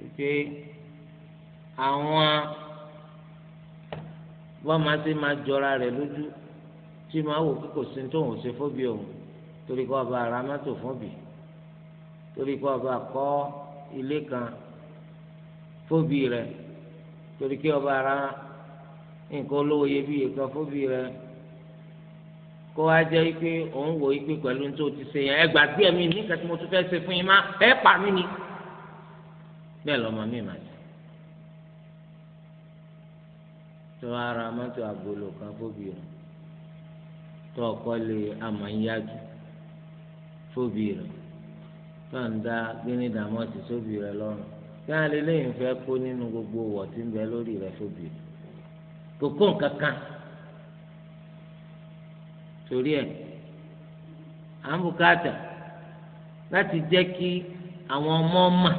Okay àwọn bọ́mọdé máa jọra rẹ̀ lójú tí máa wò kí kò sí tóun ṣe fóbi òun torí kọ́ ọba ara mọ́tò fóbi torí kọ́ ọba kọ́ ilé kan fóbi rẹ̀ torí kí ọba ara nǹkan olówó iyebíye kan fóbi rẹ̀ kó wá jẹ́ pé òun wò ó pé pẹ̀lú tó ti ṣe yẹn ẹgbà díẹ̀ mi nígbà tí mo tún fẹ́ ṣe fún yín má ẹ pa mí ni bẹ́ẹ̀ lọ́mọ mi mà jẹ́ tí wọ́n ara mọ́tò àgbòlò kan fóbi rẹ̀ tó ọkọ lè amọ̀nyájú fóbi rẹ̀ tó ń da gbénídàmọ́sí sóbi rẹ̀ lọ́rùn kí wọ́n lè léyìn fẹ́ kó nínú gbogbo wọ̀ tí ń bẹ lórí rẹ̀ fóbi rẹ̀ kókó nǹkan kan torí ẹ̀ à ń bùkátà láti jẹ́ kí àwọn ọmọ ọmọ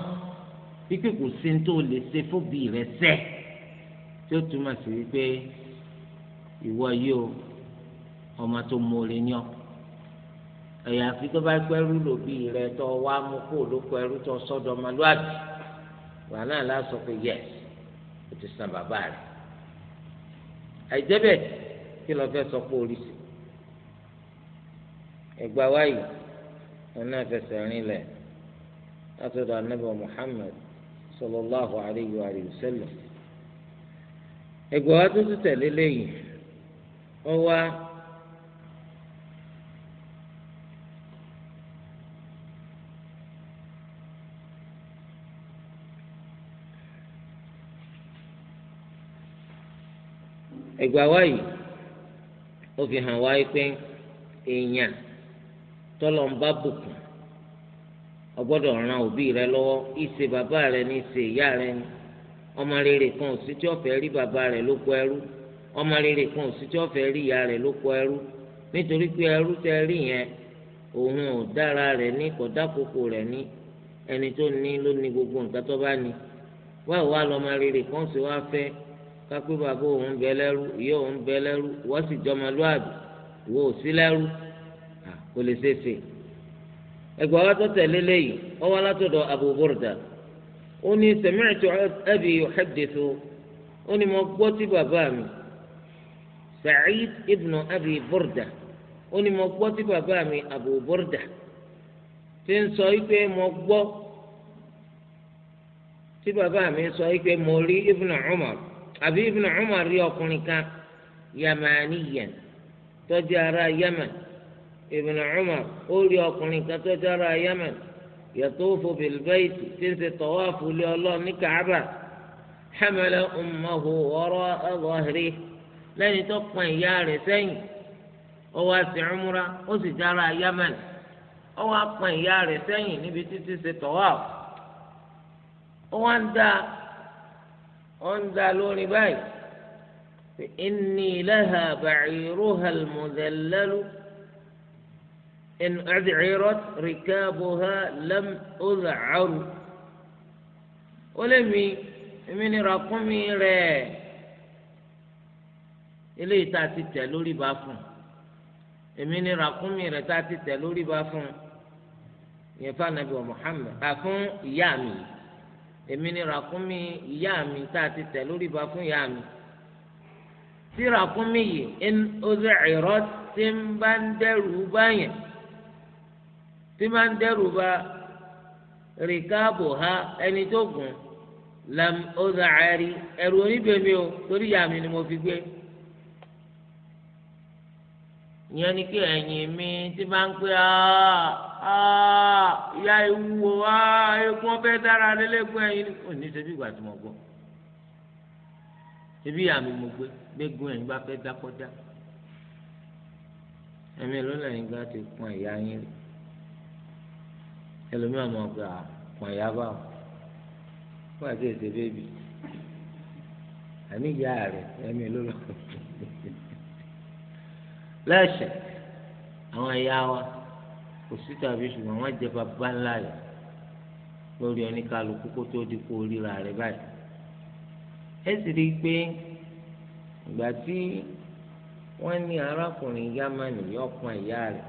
bí kò sí ní tó lè ṣe fóbi rẹ̀ sẹ́ẹ̀ tí ó túmọ̀ sí wípé ìwọ yìí o ọmọ tó mọ̀ọ́lẹ́ ní ọ ẹ̀yà àfi tó bá pẹ́rú lòbí rẹ tó wá mú kó ló pẹ́rú tó sọ́dọ̀ ọmọlúwàbí wà náà lásọ pé yẹs o ti san bàbá rẹ àìjẹ́bẹ̀ kí lọ fẹ́ sọ pé oríṣi ẹgbà wáyé wọn náà fẹsẹ̀ rìn lẹ̀ látọ̀dọ̀ anábọ̀ Muhammad sallallahu alayhi wa sallam. ẹgbẹ́ wa tó tún tẹ̀lé lẹ́yìn wọ́n wá ẹgbẹ́ wa yìí ó fi hàn wá pé èèyàn tọ́lọ̀ ń bá bùkún ràn òbí rẹ lọ́wọ́ ìṣe bàbá rẹ ní ìṣe ìyá rẹ ọmọ rere kan ò sí tí ó fẹ́ rí bàbá rẹ̀ lóko ẹrú ọmọ rere kan ò sí tí ó fẹ́ rí ìyá rẹ̀ lóko ẹrú nítorí pé ẹrú tẹ rí yẹn òun ò dára rẹ̀ ní kò dákòókò rẹ̀ ní ẹni tó ní ló ní gbogbo nǹkan tó bá ní wáá wá lọmọ rere kan sì wá fẹ́ kápẹ́ bàbá òun bẹ lẹ́rú ìyá òun bẹ lẹ́rú wọ́n sì jọmọlúàbí ìwọ ò sí lẹ́rú kò lè ṣeéṣe ẹgbẹ́ wa tó tẹ̀lé léyìí ọwọ́ látọ̀dọ̀ Abu Burda ó ní sami'tu abi yuhaddithu ó ní mo gbọ́ tí bàbá mi Sa'id ibnu Abi Burda ó ní mo gbọ́ tí bàbá mi Abu Burda ti ń sọ wípé mo gbọ́ tí bàbá mi sọ wípé mo rí ibn Umar àbí ibn Umar rí ọkùnrin kan yamaniyan tó jẹ́ ará Yaman ibn Umar ó rí ọkùnrin kan tó jẹ́ ará Yaman. yatufu bil bayti tí ń ṣe tawafu lé ọlọ́run ní Kaaba hamala ummuhu wara'a zahri lẹ́yìn tó pọn ìyá rẹ̀ sẹ́yìn ó wá sí umra ó sì dára Yaman ó wá pọn ìyá rẹ̀ sẹ́yìn níbi títí ṣe tawaf ó wá ń da ó ń da lórí báyìí inni laha ba'iruha al-mudhallalu. إن أذعرت ركابها لم أذعر ولمي من رقمي ري إلي تاتي تلولي بافن èmi ni ràkúnmí rẹ tá a ti tẹ lórí bá fún yẹn fún anabi wa Muhammad a fún ìyá mi èmi ni ràkúnmí ìyá mi tá a ti tẹ lórí bá fún ìyá mi tí ràkúnmí yìí ń oṣù ìrọ tí ń bá ń dẹrù báyẹn tí máa ń dẹ́rù bà ha ẹni tó gùn lam ọ̀zàárì ẹ̀rù oníbèmí o torí ìyá ni mo fi gbé ìyẹn ni kí ẹ̀yìn mi tí máa ń pè áá ìyá ìwúwo áá egun ọbẹ̀ dára lélẹ́gùn ẹ̀yìn ni kò ní ṣebí ìgbà tí mo gbọ́ ṣebí ìyá mo gbé gbégun ẹ̀yìn bá fẹ́ dákọ́já ẹ̀mí ló lẹ́yìn gbá ti pọn ìyá yín rí ẹlòmíà mọ̀ pé àpọ̀n ìyá bá wọ́n àti ètè bébì àní ìyá rẹ̀ ẹ̀mí ló lọ. lẹ́sẹ̀ àwọn ẹ̀yà wa kò sí tàbí ṣùgbọ́n wọ́n jẹ bàbá ńlá rẹ̀ lórí oníkálukú kó tó di kó ríra rẹ̀ báyìí. ẹ sì rí i pé ìgbà tí wọ́n ní arákùnrin yámánì yọ̀ọ̀kan ìyá rẹ̀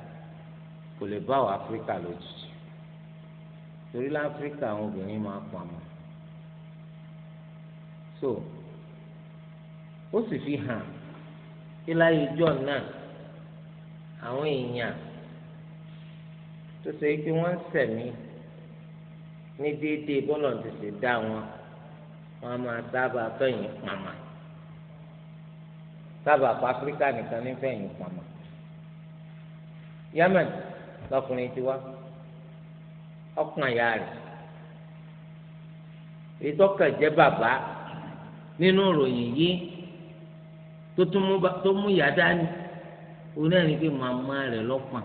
kò lè bá wà áfíríkà lójijì torí láfíríkà àwọn obìnrin máa pa mọ́ so ó sì fi hàn iláyé john náà àwọn èèyàn tó ṣe pé wọ́n ń sẹ̀mí ní déédéé bọ́lọ̀ ti ṣe dá wọn wọn máa dábàá fẹ̀yìn pamọ́ sábà pa áfíríkà nìkan ní fẹ̀yìn pamọ́ yemen lọkùnrin ti wá ọkàn ya rẹ̀ ìtọ́kàn jẹ́ bàbá nínú ìròyìn yìí tó tún mú ìyá dání òun náà ní pé màmá rẹ̀ lọ́pàá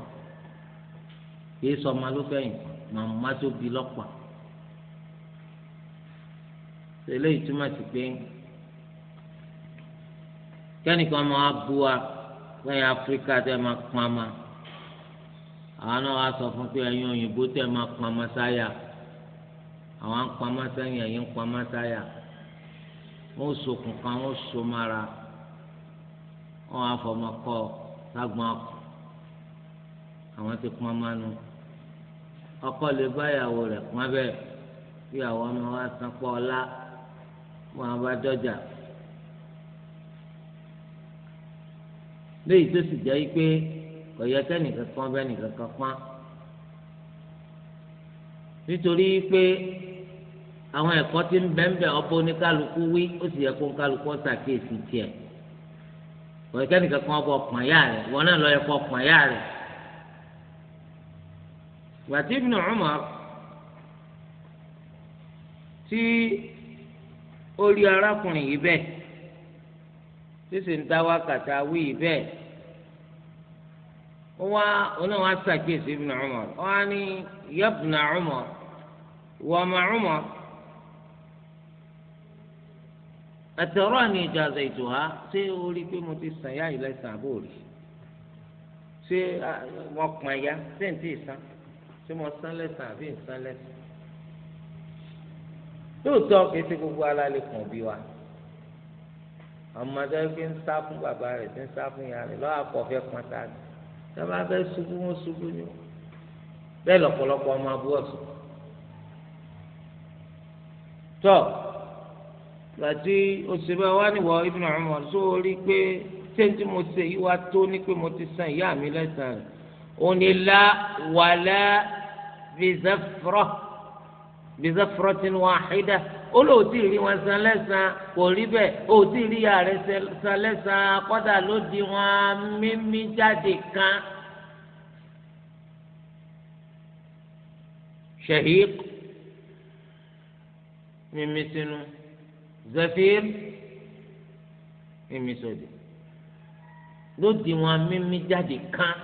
kìí sọ ọmọ ló fẹ́yìn màmá tó bí lọ́pàá eléyìí túmọ̀ sí pé kẹ́nìkan máa bu wa lẹ́yìn áfíríkà tẹ́ máa pọ́n máa àwọn náà wá sọ fún pé ẹ̀yin òyìnbó tẹ máa pamọ́ sáyà àwọn ń pamọ́ sẹ́yìn ẹ̀yin ń pamọ́ sáyà wọn ò sokùn kan wọn ò so mara wọn á fọmọ kọ lágbọn akọ àwọn ti pọn mánu ọkọ lè bá ìyàwó rẹ̀ pọn bẹ́ẹ̀ kí ìyàwó ọmọ wa san pọ ọlá wọn á bá dọjà léyìí tó sì jẹ́ pé kò yẹ kẹ́nìkan kan bẹ́ẹ̀ nìkan kan pọ́n nítorí pé àwọn ẹ̀kọ́ tí ń bẹ́ńbẹ́ ọbọ̀ oníkálukú wí ó sì yẹ kó oníkálukú ṣàkíyèsí tiẹ̀ kò yẹ kẹ́nìkan kan bọ̀ ọkàn yá rẹ̀ wọn náà lọ yẹ kó ọkàn yá rẹ̀ gbàtí Ibn Umar tí ó rí arákùnrin yìí bẹ́ẹ̀ tí ń dá wákàtí awí yìí bẹ́ẹ̀ wá onáwó asàkíyèsí ibn Umar wá ní yabna Umar wàmà Umar àtẹ̀rọ ni ìjàzà ètò ha ṣé o rí i pé mo ti sàn yá ìlẹ́sàn àbò rí ṣé wọ́n pọn ya ṣé n tí ì san ṣé mo san lẹ́sàn àbí n san lẹ́sàn lóòótọ́ kìí ṣe gbogbo alálẹ́ kan bí wa ọmọdé fi ń sá fún bàbá rẹ̀ ti ń sá fún ìyá rẹ̀ lọ́wọ́ àkọ́fẹ́ kan sáré sábà fẹ́ ṣubú wọn ṣubú ni bẹ́ẹ̀ lọ́pọ̀lọpọ̀ ọmọ abúlé ọ̀sùn. tọ́ gbàtí òṣèlú wa níwọ̀ Ibn Umar tó rí pé tẹ́ntì mo ṣe yí wa tó ní pé mo ti san ìyá mi lẹ́sàn-án. onílà wàlẹ́ bizafrọ́ bizafuratin wahida ó lò ó ti rí wọn san lẹ́sàn kò rí bẹ́ẹ̀ ó ti rí ààrẹ san lẹ́sàn kọ́dà ló di wọn mímí jáde kan. shahiq mímí sínú zafir mímí sóde ló di wọn mímí jáde kan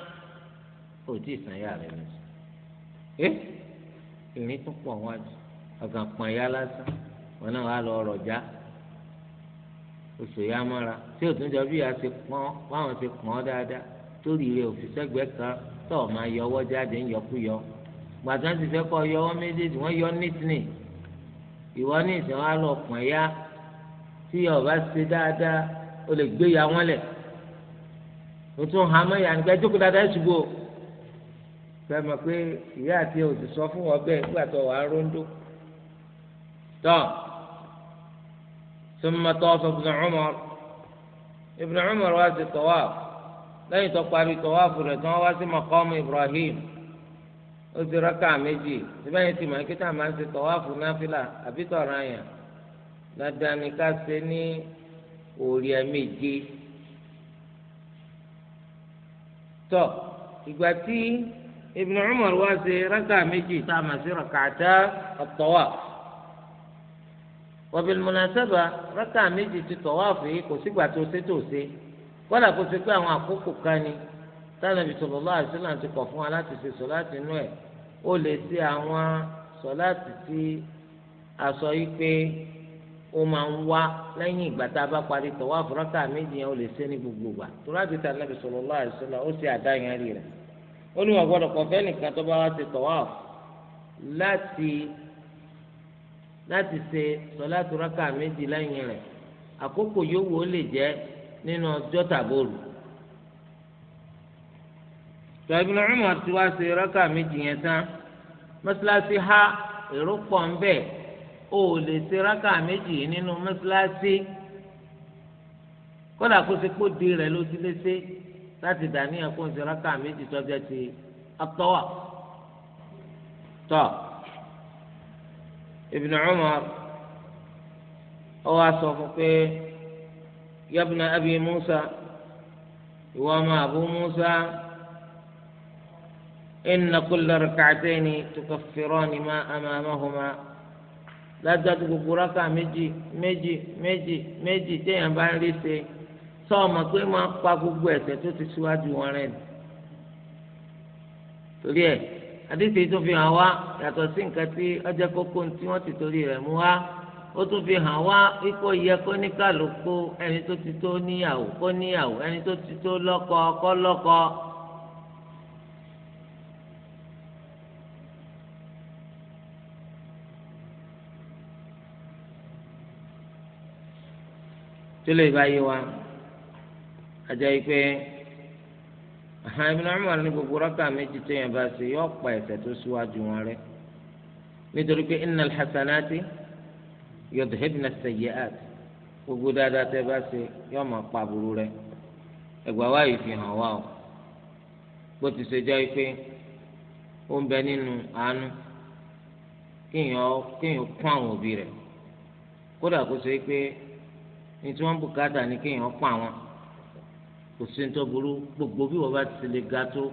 ó ti sàn yàrá ẹ̀ lọ́sàn. Eh? ìrìn tún pọ̀ wájú ọkàn pọn ya lásán wọn náà wà lọ ọrọ já oṣù ya mọ́ra tí o tún jọ bí a ti pọn báwọn ti pọn ọ dáadáa torí rẹ òfin sẹgbẹ kan tó o máa yọ ọwọ́ jáde ń yọkúyọ gbàtà ti fẹ́ kọ yọ ọwọ́ méjèèjì wọn yọ nítìní ìwọ ní ìsìn wa lọ pọn ya tí ọba ṣe dáadáa o lè gbé ya wọn lẹ o tún hàn mọ ya nígbà jókòó dáadáa ṣubú o fẹ́ mọ̀ pé ìyá àti òsì sọ fún wọn bẹ́ẹ̀ nígbà tó wàá róńdó. طب ثم طاف ابن عمر ابن عمر واسي طواف لا يتقاري طواف ولا واسي مقام إبراهيم ó ti rákà méjì síbẹ̀ yẹn ti mọ̀ kí táwọn máa ń ṣe tọ́wáfù náfìlà àbí tọ̀rọ̀ àyàn dáadáa ni ká ṣe ní òòrì ẹ̀mẹ́je. tọ́ ìgbà tí Ibn Umar wá ṣe rákà méjì tá a máa ṣe rákà tá ọ̀tọ̀wà wọ́bìlì múnasábà rákà méjì ti tọ̀wáàfù yìí kò sígbà tó ṣe tó ṣe kọ́dà kó ṣe pé àwọn àkókò kan ni tánàbì sallallahu alaihi wasallam ti kọ̀ fún wa láti ṣe sọ̀láàtì inú ẹ̀ ó lè ṣe àwọn sọ̀láàtì tí a sọ yìí pé ó máa ń wá lẹ́yìn ìgbà tá a bá parí tọ̀wáàfù rákà méjì yẹn ó lè ṣe ní gbogbo ìgbà tó láti tánàbì sallallahu alaihi wasallam ó ṣe àdáyẹn rí rẹ̀ ó ní wọn gbọ́dọ̀ kọ́ nìkan tó bá wá ṣe tọ̀wáàfù láti láti ṣe sọláàtù turaka méjì lẹ́yìn rẹ̀ àkókò yòówù ó lè jẹ́ nínú ọjọ́ tàbóòrù. Ibn Umar ti wá ṣe rákà méjì yẹn tán mọ́ṣáláṣí ha èrò pọ̀ ń bẹ̀ ó lè ṣe rákà méjì nínú mọ́ṣáláṣí kódà kó ṣe kó di rẹ̀ ló ti lé ṣe láti dàníyàn kó ń ṣe rákà méjì tọ́jú ti atọ́wà tọ́. So, ibn umar ó wá sọ fún pé yabna abi musa ìwọ ọmọ abu musa inna kulla rak'atayni tukaffirani ma amamahuma lájọ́tí gbogbo rákà méjì méjì méjì méjì téèyàn bá ń rí ṣe sọ́ọ̀mọ̀ pé máa pa gbogbo ẹ̀ṣẹ̀ tó ti síwájú wọn rẹ̀ torí ẹ̀ àdìsí tún fi hàn wá yàtọ̀ sí nǹkan tí ọjọ́ kókó tí wọ́n ti torí rẹ̀ mú wá ó tún fi hàn wá ikú yẹ kó ní kálukú ẹni tó ti tó níyàwó kó níyàwó ẹni tó ti tó lọ́kọ kó lọ́kọ. tó lè bá yé wa àjẹ́ pé. Ibn Umar ní gbogbo rákà méjì tó yẹn bá ṣe yọ pa ẹ̀ṣẹ̀ tó síwájú wọn rẹ́ nítorí pé innal hasanati yudhibna as-sayyi'at gbogbo dáadáa tẹ́ bá ṣe yọ máa pa burú rẹ́ ẹgbà wa yìí fi hàn wá o bó ti ṣe jẹ́ pé ó ń bẹ nínú àánú kéèyàn kéèyàn kún àwọn òbí rẹ̀ kódà kó ṣe pé ní tí wọ́n ń bùkátà ní kéèyàn pa wọn kò sí ní tó burú gbogbo bí wọ́n bá ti lè ga tó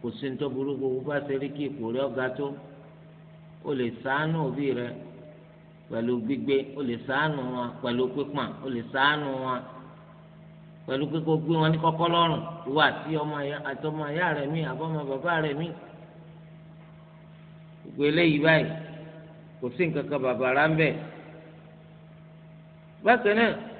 kò sí ní tó burú gbogbo bá ti rí kí ipò rẹ ọ̀ga tó o lè ṣàánú òbí rẹ pẹ̀lú gbígbé o lè ṣàánú wọn pẹ̀lú pípọ́n o lè ṣàánú wọn pẹ̀lú pé kó gbé wọn ní kọ́kọ́ lọ́rùn ìwọ àti ọmọ àti ọmọ ìyá rẹ mi àbọ̀mọ bàbá rẹ mi gbogbo eléyìí báyìí kò sí nǹkan kan bàbá rà ń bẹ̀ bákan náà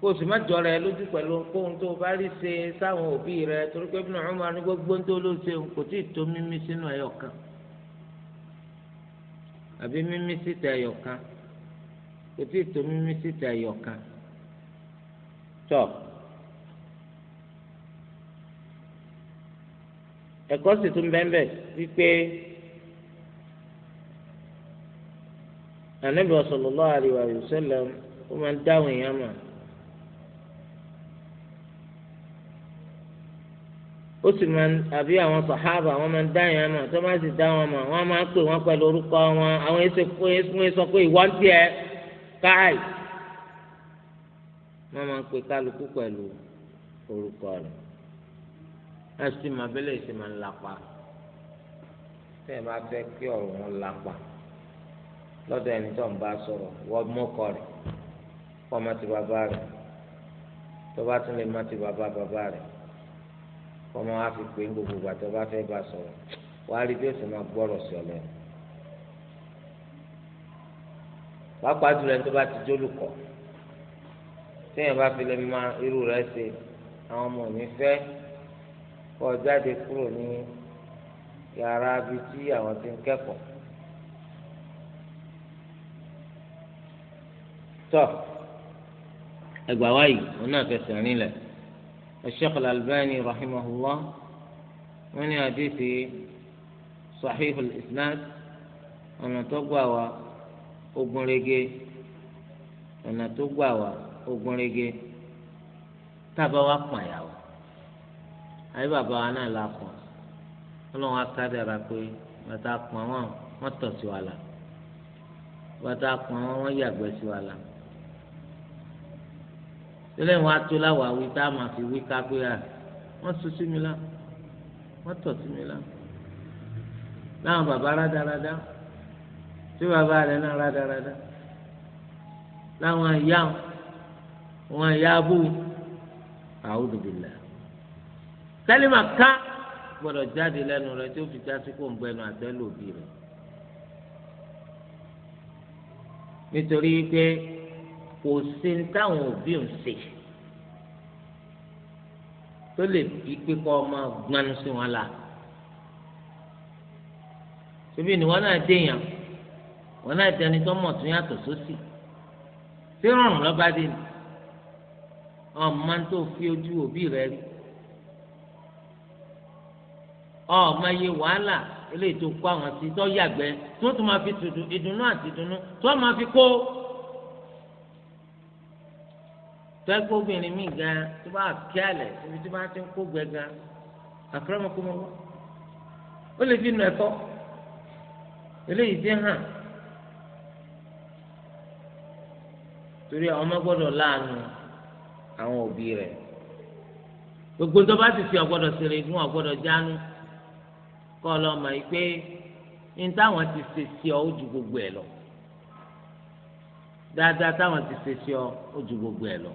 kó o sì má jọ rẹ lójú pẹ̀lú ohun tó o bá rí ṣe sáwọn òbí rẹ torí pé Ibn Umar ní gbogbo tó ló ṣe kò tí ì tó mímí sínú ẹyọ kan àbí mímí síta ẹyọ kan kò tí tó mímí síta ẹyọ tọ ẹ̀kọ́ sì tún bẹ́ẹ̀ wípé Ànábì sallallahu alaihi wa ó máa ń dáhùn èèyàn mọ̀. ó sì máa àbí àwọn sàhábà wọn máa ń dá yẹn mọ̀ tó máa sì dá wọn mọ̀ wọn máa ń pè wọn pẹ̀lú orúkọ wọn àwọn èsì fún èso pé ìwọ ń tiẹ̀ káì wọn máa ń pè kálukú pẹ̀lú orúkọ rẹ̀ ẹsì máa bẹ́lẹ̀ ìsì máa ń lapa tẹ́ ẹ máa fẹ́ kí ọ̀rọ̀ wọn lapa lọ́dọ̀ ẹni tó ń bá sọ̀rọ̀ wọ́n mọ́kọ rẹ̀ kọ́ ọmọ ti bàbá rẹ̀ tó bá tún lè má ti bàbá bàbá rẹ̀ kọ́mọ wa fi pé gbogbo ìgbà tó bá fẹ́ bá sọ̀rọ̀ wàá rí bí o sì máa gbọ́rọ̀ sí ọ lẹ́nu. pàápàá jùlọ ẹni tó bá ti jólùkọ́ téèyàn bá fi lè ma irú rẹ̀ ṣe àwọn ọmọ mi fẹ́ kọ́ jáde kúrò ní yàrá bíi tí àwọn ti ń kẹ́kọ̀ọ́. tọ́ ẹgbàá wáyé òun náà fẹsẹ̀ rìn lẹ̀. الشيخ الألباني رحمه الله من حديث صحيح الإسناد أنا تقوى وأبنرجي أنا تقوى وأبنرجي تبوا قمايا أي بابا أنا لا قم ọlọ́run akádàrà pé bàtà pọ̀n wọn wọ́n tọ̀ sí wa la bàtà pọ̀n wọn wọ́n yàgbẹ́ sí ilé wọn ató láwọ àwí tá a máa fi wí kápẹ́yà wọ́n tún sí mi lá wọ́n tọ̀ sí mi lá láwọn bàbá rádaràdá tí bàbá rẹ̀ náà rádaràdá láwọn ìyá wọn ìyá abú àwòdùbìlà sẹ́lẹ̀mà ká gbọ́dọ̀ jáde lẹ́nu rẹ̀ tí ó fi jásí kó ń gbẹnu àtẹ́lù òbí nítorí pé kò sí ní táwọn òbí ń ṣe tó lè fi pípọ́ ọmọ gbanu sí wọn la tóbi ni wọn náà déyàn wọn náà dẹni tó mọ̀ tó yàtọ̀ sósì tí rọrùn lọ́ba dé ni ọmọ tó fi ojú òbí rẹ rí ọmọ iye wàhálà eléyìí tó kó àwọn sí tó yàgbẹ́ tó tún máa fi ìdùnnú àti ìdùnnú tó máa fi kó. tẹ́gbẹ́ obìnrin mi gan tó bá kí alẹ̀ síbi tó bá ti ń kó gbẹ gan àkúrọ́mọkúmọ́ wá ó lè fi nù ẹ̀kọ́ eléyìí dé hàn torí àwọn ọmọ gbọ́dọ̀ láàánú àwọn òbí rẹ̀ gbogbo tó bá ti fi ọgbọ́dọ̀ ṣeré fún ọgbọ́dọ̀ jánu kọ́ ọ lọ́mọ yìí pé ní táwọn ti ṣe sí ọ ó ju gbogbo ẹ̀ lọ dáadáa táwọn ti ṣe sí ọ ó ju gbogbo ẹ̀ lọ.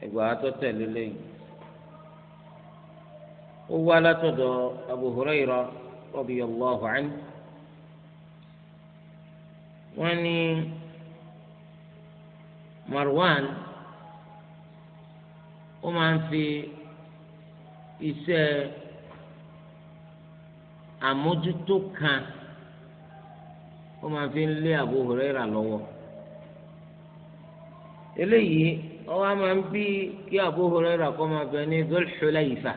ẹgbà wa tó tẹ̀lé lẹ́yìn ó wá látọ̀dọ̀ Abu Hurairah radiyallahu anhu wọ́n ní Marwan ó máa ń fi iṣẹ́ àmójútó kan ó máa fi ń lé lọ́wọ́ ọwọ́ a máa ń bí kí Abu Huraira kọ́ máa bẹ ní Dhul Hulayfa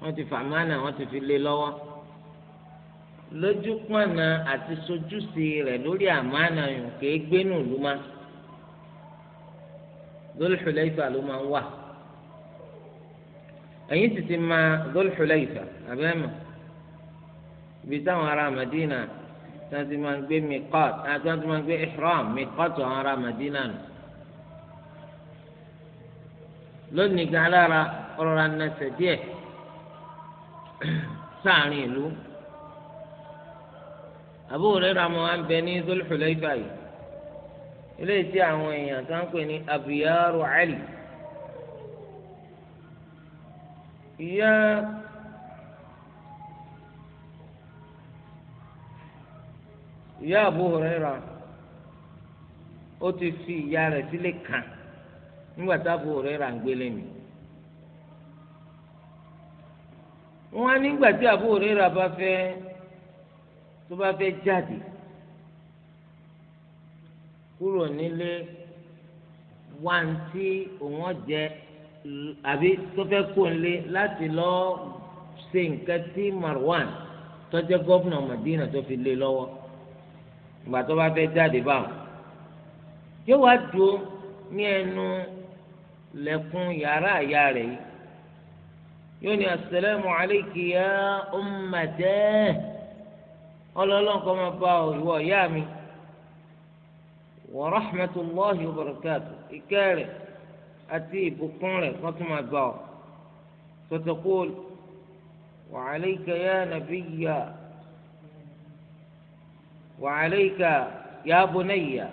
wọ́n ti fàmánà wọ́n ti fi lé lọ́wọ́ lójúpọ̀nà àti sojúṣe rẹ̀ lórí àmánà yòó kéé gbénú ló má Dhul Hulayfa ló máa ń wà ẹ̀yìn títí ma Dhul Hulayfa àbẹ́mọ̀ ibi táwọn ará Madina tí wọ́n ti máa ń gbé mikọ́t àti wọ́n ti máa ń gbé ihram mikọ́t àwọn ará Madina nù. lónìí gan lára ọ̀rọ̀ anẹsẹ̀ díẹ̀ [clears throat] sáàrin ìlú àbúrò rẹ̀ ramọ́ à ń bẹ ní Dhul-Hulayfa yìí eléyìí àwọn èèyàn tó ń pè ní abiyaru ali ìyá. ìyá Abu Huraira ó ti fi ìyá rẹ̀ sílé kan nígbà tá Abu Huraira ń gbélé mi. wọ́n á nígbà tí Abu Huraira bá fẹ́ tó bá fẹ́ jáde kúrò nílé wá ń tí òun jẹ àbí tó fẹ́ kó nílé láti lọ́ọ́ ṣe nǹkan tí Marwan tó jẹ́ Madina tó fi lé lọ́wọ́ ìgbà tó bá fẹ́ jáde báwọn yóò wá dúró ní ẹnu lẹ́kùn yàrá àyà rẹ̀ yìí yóò ní asalaamu aleyki ya ummadẹ ọlọ́lọ́n kọ́ máa bá ọ ìwọ ìyá mi wa rahmatulahi barakatu ìkẹ́ àti ìbùkún rẹ̀ kọ́ tó máa bá ọ sọtẹ́kùl wa aleyka وعليك يا بني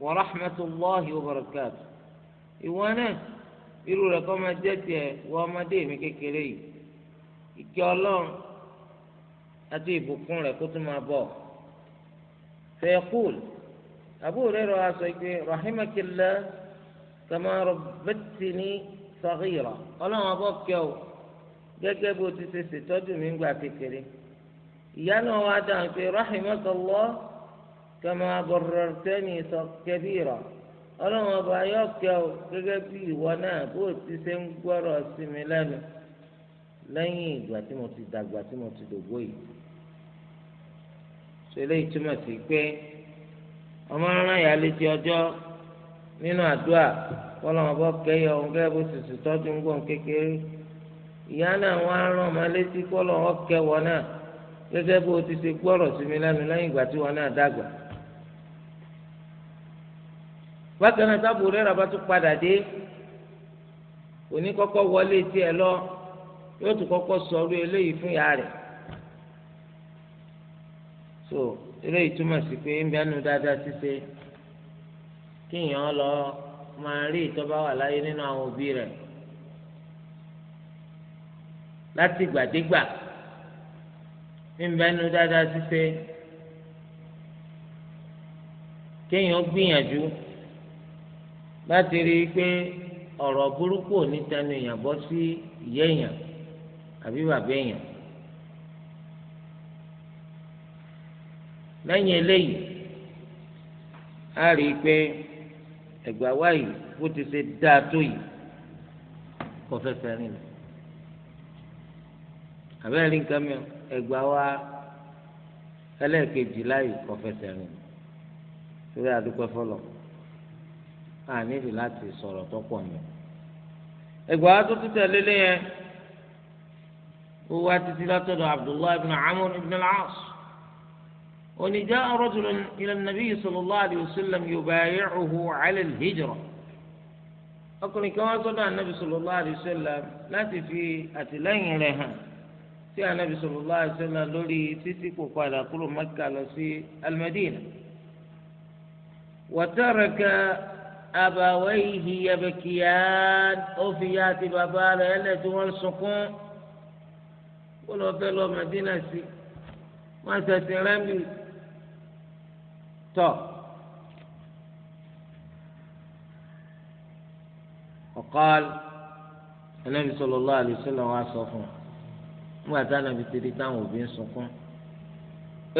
ورحمة الله وبركاته إيوانا irú rẹ̀ kọ́ máa jẹ́ tiẹ̀ wọ ọmọdé mi kékeré yìí ìkẹ́ ọlọ́run àti ìbùkún rẹ̀ kó tún máa bọ̀ fẹ́ẹ́kùl àbúrò rẹ̀ rọ aṣọ ìpè rahimakillah kama rabbatini saghira ọlọ́run ọbọ̀ kẹ́ o gẹ́gẹ́ bó ti ṣe ṣètọ́jú mi ń gbà kékeré. ìyá náà wá dáhùn pé rahimakallah kama barartani kabira ọlọ́run ọba yóò kẹ́ ọ gẹ́gẹ́ bí ìwọ náà bó ti ṣe ń gbọ́rọ̀ sí mi lẹ́nu lẹ́yìn ìgbà tí mo ti dàgbà tí mo ti dògbò yìí. ṣẹlẹ̀ ìtumọ̀ sí pé ọmọ rán ọjọ́ nínú àdúrà gẹ́gẹ́ bó ti sì tọ́jú ń gbọ̀n kékeré ìyá náà wọ́n á rán ọmọ gẹ́gẹ́ bó o ti ṣe gbọ́rọ̀ sí mi lẹ́nu lẹ́yìn ìgbà tí wọn náà dàgbà. bákan náà sábò rẹ bá tún padà dé òní kọ́kọ́ wọlé tiẹ̀ so eléyìí túmọ̀ sí pé ń bẹ́nu dáadáa ṣíṣe kíyàn lọ máa rí ìtọ́ba wà láyé nínú àwọn òbí rẹ̀ nbẹnu dáadáa ṣíṣe kéèyàn gbìyànjú láti rí i pé ọ̀rọ̀ burúkú ò ní tẹnu èèyàn bọ́ sí ìyá èèyàn àbí bàbá èèyàn. lẹ́yìn eléyìí a rí i pé ẹ̀gbà wá yìí bó ti ṣe dáa tó yìí kò fẹ́ fẹ́ rìn lọ. àbẹ́rẹ́ nǹkan mìíràn ẹgbà wa ẹlẹ́ẹ̀kejì láì kọfẹsẹ̀ rìn torí àdúpẹ́ fọlọ́ àníbi láti sọ̀rọ̀ tó pọ̀ yẹn ẹgbà wa tó títẹ̀ lélẹ́ yẹn ó wá títí látọ̀dọ̀ abdullahi ibn amr ibn al-as oni jaa rajulun ila nabiyyi sallallahu alayhi wa sallam yubayi'uhu ala al-hijra ọkùnrin kan wá sọ́dọ̀ anabi sallallahu alayhi wa láti fi àtìlẹ́yìn rẹ̀ hàn tí anabi sallallahu alaihi wasallam lórí títí kò padà kúrò Mẹ́kà lọ sí al-Madina wa taraka abawayhi yabkiyan ó fi yá àti bàbá rẹ̀ ẹlẹ́ tí wọ́n sunkún kó lọ fẹ́ lọ Madina sí wọ́n ṣẹ̀ṣẹ̀ rẹ́mi tọ́. وقال النبي صلى الله عليه وسلم وعصى nígbà tá a lọ táwọn òbí ń sunkún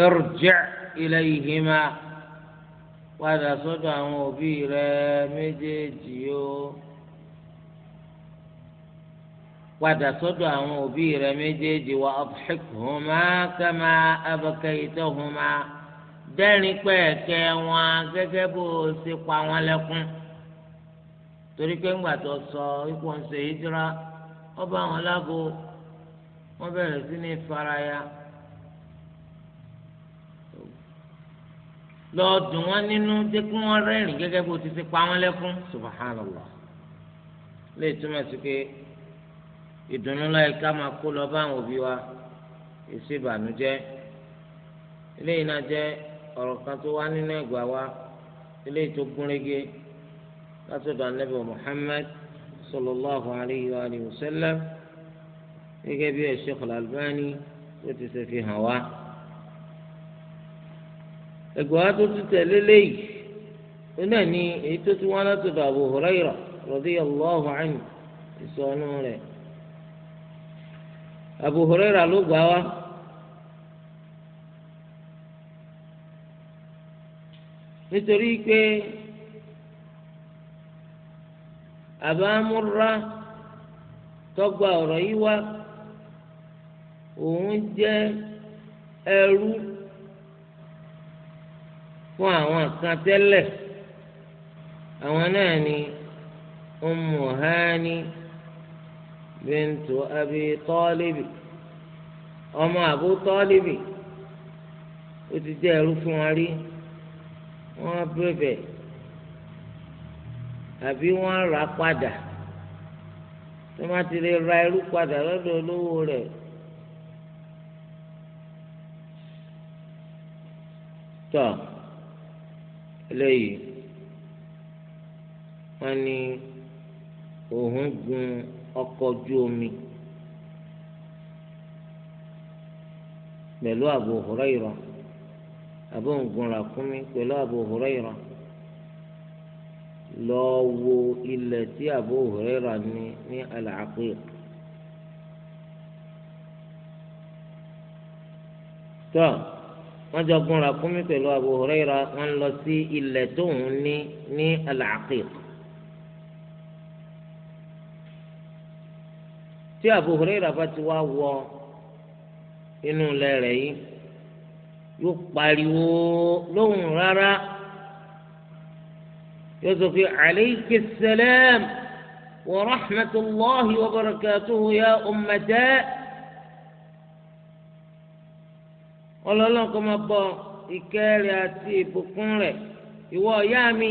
irji' ilayhima padà sọ́dọ̀ àwọn òbí rẹ méjèèjì o padà sọ́dọ̀ àwọn òbí rẹ méjèèjì kama abkaytahuma dẹ́rìn pẹ̀kẹ́ wọn gẹ́gẹ́ bó o ṣe pa wọn lẹ́kún torí pé ńgbà tó sọ ọba àwọn wọ́n bẹ̀rẹ̀ sí ní faraya lọ dùn wọ́n nínú jẹ́ kí wọ́n rẹ́rìn gẹ́gẹ́ bó ti ti pa wọ́n lẹ́kún subhanallah lè túmọ̀ sí pé ìdùnnú láyé ká máa kó lọ bá àwọn òbí wa èsì ìbànújẹ́ eléyìí náà jẹ́ ọ̀rọ̀ kan tó wá nínú ẹ̀gbà wa eléyìí tó gúnrégé látọ̀dọ̀ anábì Muhammad sallallahu alayhi wa sallam gẹ́gẹ́ bí Sheikh Al-Albani ó ti ṣe fi hàn wá. ẹ̀gbọ́n wa tó ti tẹ̀lé léyìí ó náà ní èyí tó ti wọn láti dọ̀ Abu Hurairah radiyallahu anhu ìsọnù rẹ̀. Abu Hurairah ló gbà wá. nítorí pé àbámúra tọgbà ọ̀rọ̀ yìí wá òun jẹ́ ẹrú fún àwọn kan tẹ́lẹ̀ àwọn náà ni Ummu Hani bintu Abi Talibi ọmọ Abu Talibi ó ti jẹ́ ẹrú fún wa rí wọ́n bẹ̀bẹ̀ àbí wọ́n rà padà tó má ti lè ra ẹrú padà lọ́dọ̀ olówó rẹ̀ tọ́ eléyìí wọ́n ní òun gun ọkọ̀ ojú omi pẹ̀lú Abu Hurairah àbóǹgun ràkúnmí pẹ̀lú Abu Hurairah lọ wo ilẹ̀ tí Abu Hurairah ní ní Al-Aqiq wọ́n jọ gùn ràkúnmí pẹ̀lú Abu Huraira wọ́n lọ sí ilẹ̀ tóun ní ní Al-Aqiq. tí Abu Huraira bá ti wá wọ inú ilẹ̀ rẹ̀ yìí yóò pariwo lóhùn rárá yóò sọ pé alayki salam wa rahmatullahi wa barakatuhu ya ummata. ọlọ́lọ́n kọ́ máa bọ ìkẹ́rẹ́ àti ìbùkún rẹ̀ ìwọ ọ̀yá mi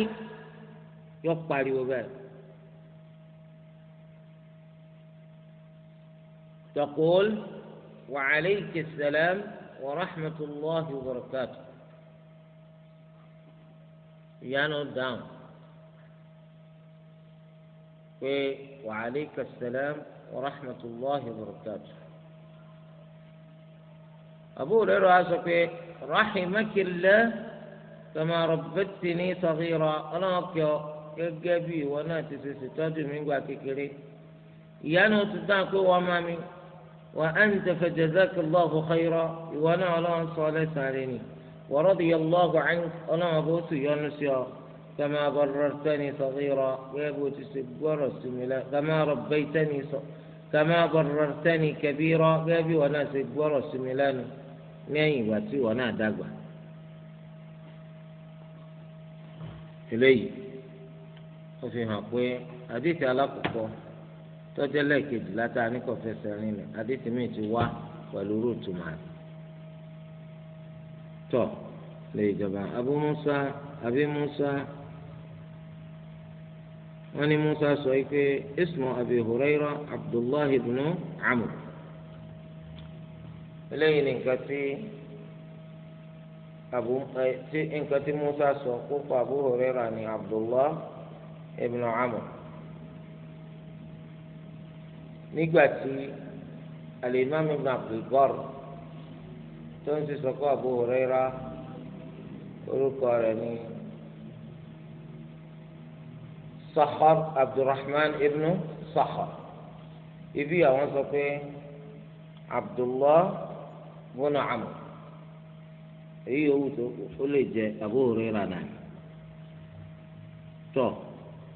yọ pariwo bẹ́ẹ̀. تقول وعليك السلام ورحمة الله وبركاته يانو داون وعليك السلام ورحمة الله وبركاته ابو هريره اسف رحمك الله كما ربتني صغيرا انا اوكي جابي وانا تسيسي تاجر من قوى كيكري يانو تتاكو وامامي وانت فجزاك الله خيرا وانا على صلاة عليني ورضي الله عنك انا ابوس يا سيانسيا كما بررتني صغيرا ويبو تسيبورا سملا كما ربيتني كما بررتني كبيرا ويبو وانا سيبورا سملاني lẹ́yìn ìgbà tí ìwọ náà dàgbà eléyìí ó fi hàn pé àdìsí alákọ̀ọ́kọ́ tọ́jọ́ lẹ́ẹ̀kejì látà ní kò ti wá pẹ̀lú rúùtùmá lè jọba Musa abị Musa wọ́n ní Musa sọ pé ismu Abi Hurairah Abdullahi ibn eléyìí ni nǹkan tí abu tí nǹkan tí musa sọ kókó abu hurairah ni abdullah ibn amr nígbà tí alimam ibn abdulbar tó ń sísọ kó abu hurairah orúkọ rẹ̀ ni sakhar abdulrahman ibn sakhar ibi àwọn sọ pé abdullah. bọ́nà àmọ̀ èyí yòówù tó ó lè jẹ Abu Hurairah náà tọ́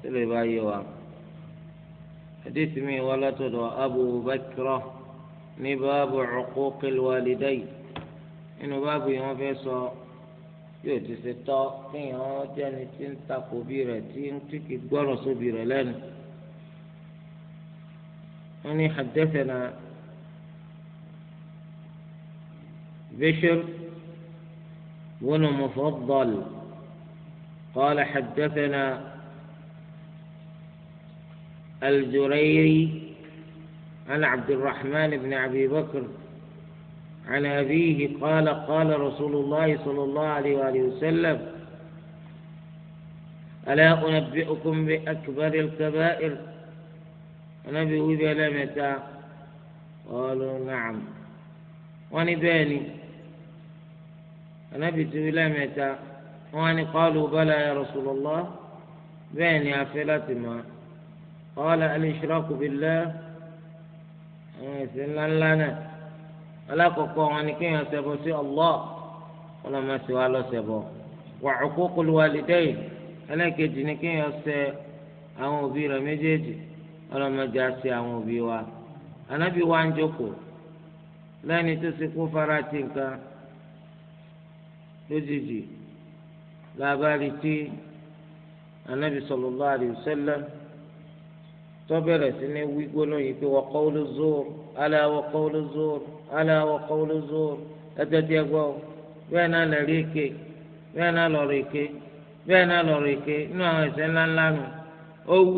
tẹ́lẹ̀ bá yé wa mi wá Abu Bakra ní báàbù uquqil walidayn nínú báàbù yìí wọ́n fẹ́ sọ yóò ti ṣe tọ́ kéèyàn jẹ́ni tí ń takò bí rẹ̀ tí ń tí kì sóbì ní بشر بن مفضل قال حدثنا الجريري عن عبد الرحمن بن أبي بكر عن أبيه قال قال رسول الله صلى الله عليه وآله وسلم ألا أنبئكم بأكبر الكبائر نبي إذا متى قالوا نعم ونباني anabi ti wí lẹ́ẹ̀mẹ́ta wọn á ní qalu bala ya Rasulullah bẹ́ẹ̀ ni a fẹ́ láti mọ̀ qala al-ishraku billah àwọn ẹ̀ṣẹ̀ ńláńlá náà alákọ̀ọ́kọ́ wọn ni kéèyàn ṣẹbọ sí Allah ọlọ́mọ sì wá lọ́sẹ̀bọ̀ wa uququl walidayn ẹlẹ́kejì ni kéèyàn ṣẹ àwọn òbí rẹ̀ méjèèjì ọlọ́mọdé á ṣe àwọn òbí wa anabi wa ń jókòó lẹ́ni tó ṣe kó fara ti nǹkan. lójijì làbárí tí anabi sallallahu alayhi wa sallam tó bẹ̀rẹ̀ sí ní ike yìí pé ala wa qawlu zur ala wa qawlu zur ẹjọ́ tí ẹ gbọ́ bẹ́ẹ̀ náà lẹ̀ èké bẹ́ẹ̀ náà lọ̀rọ̀ èké náà èké nínú àwọn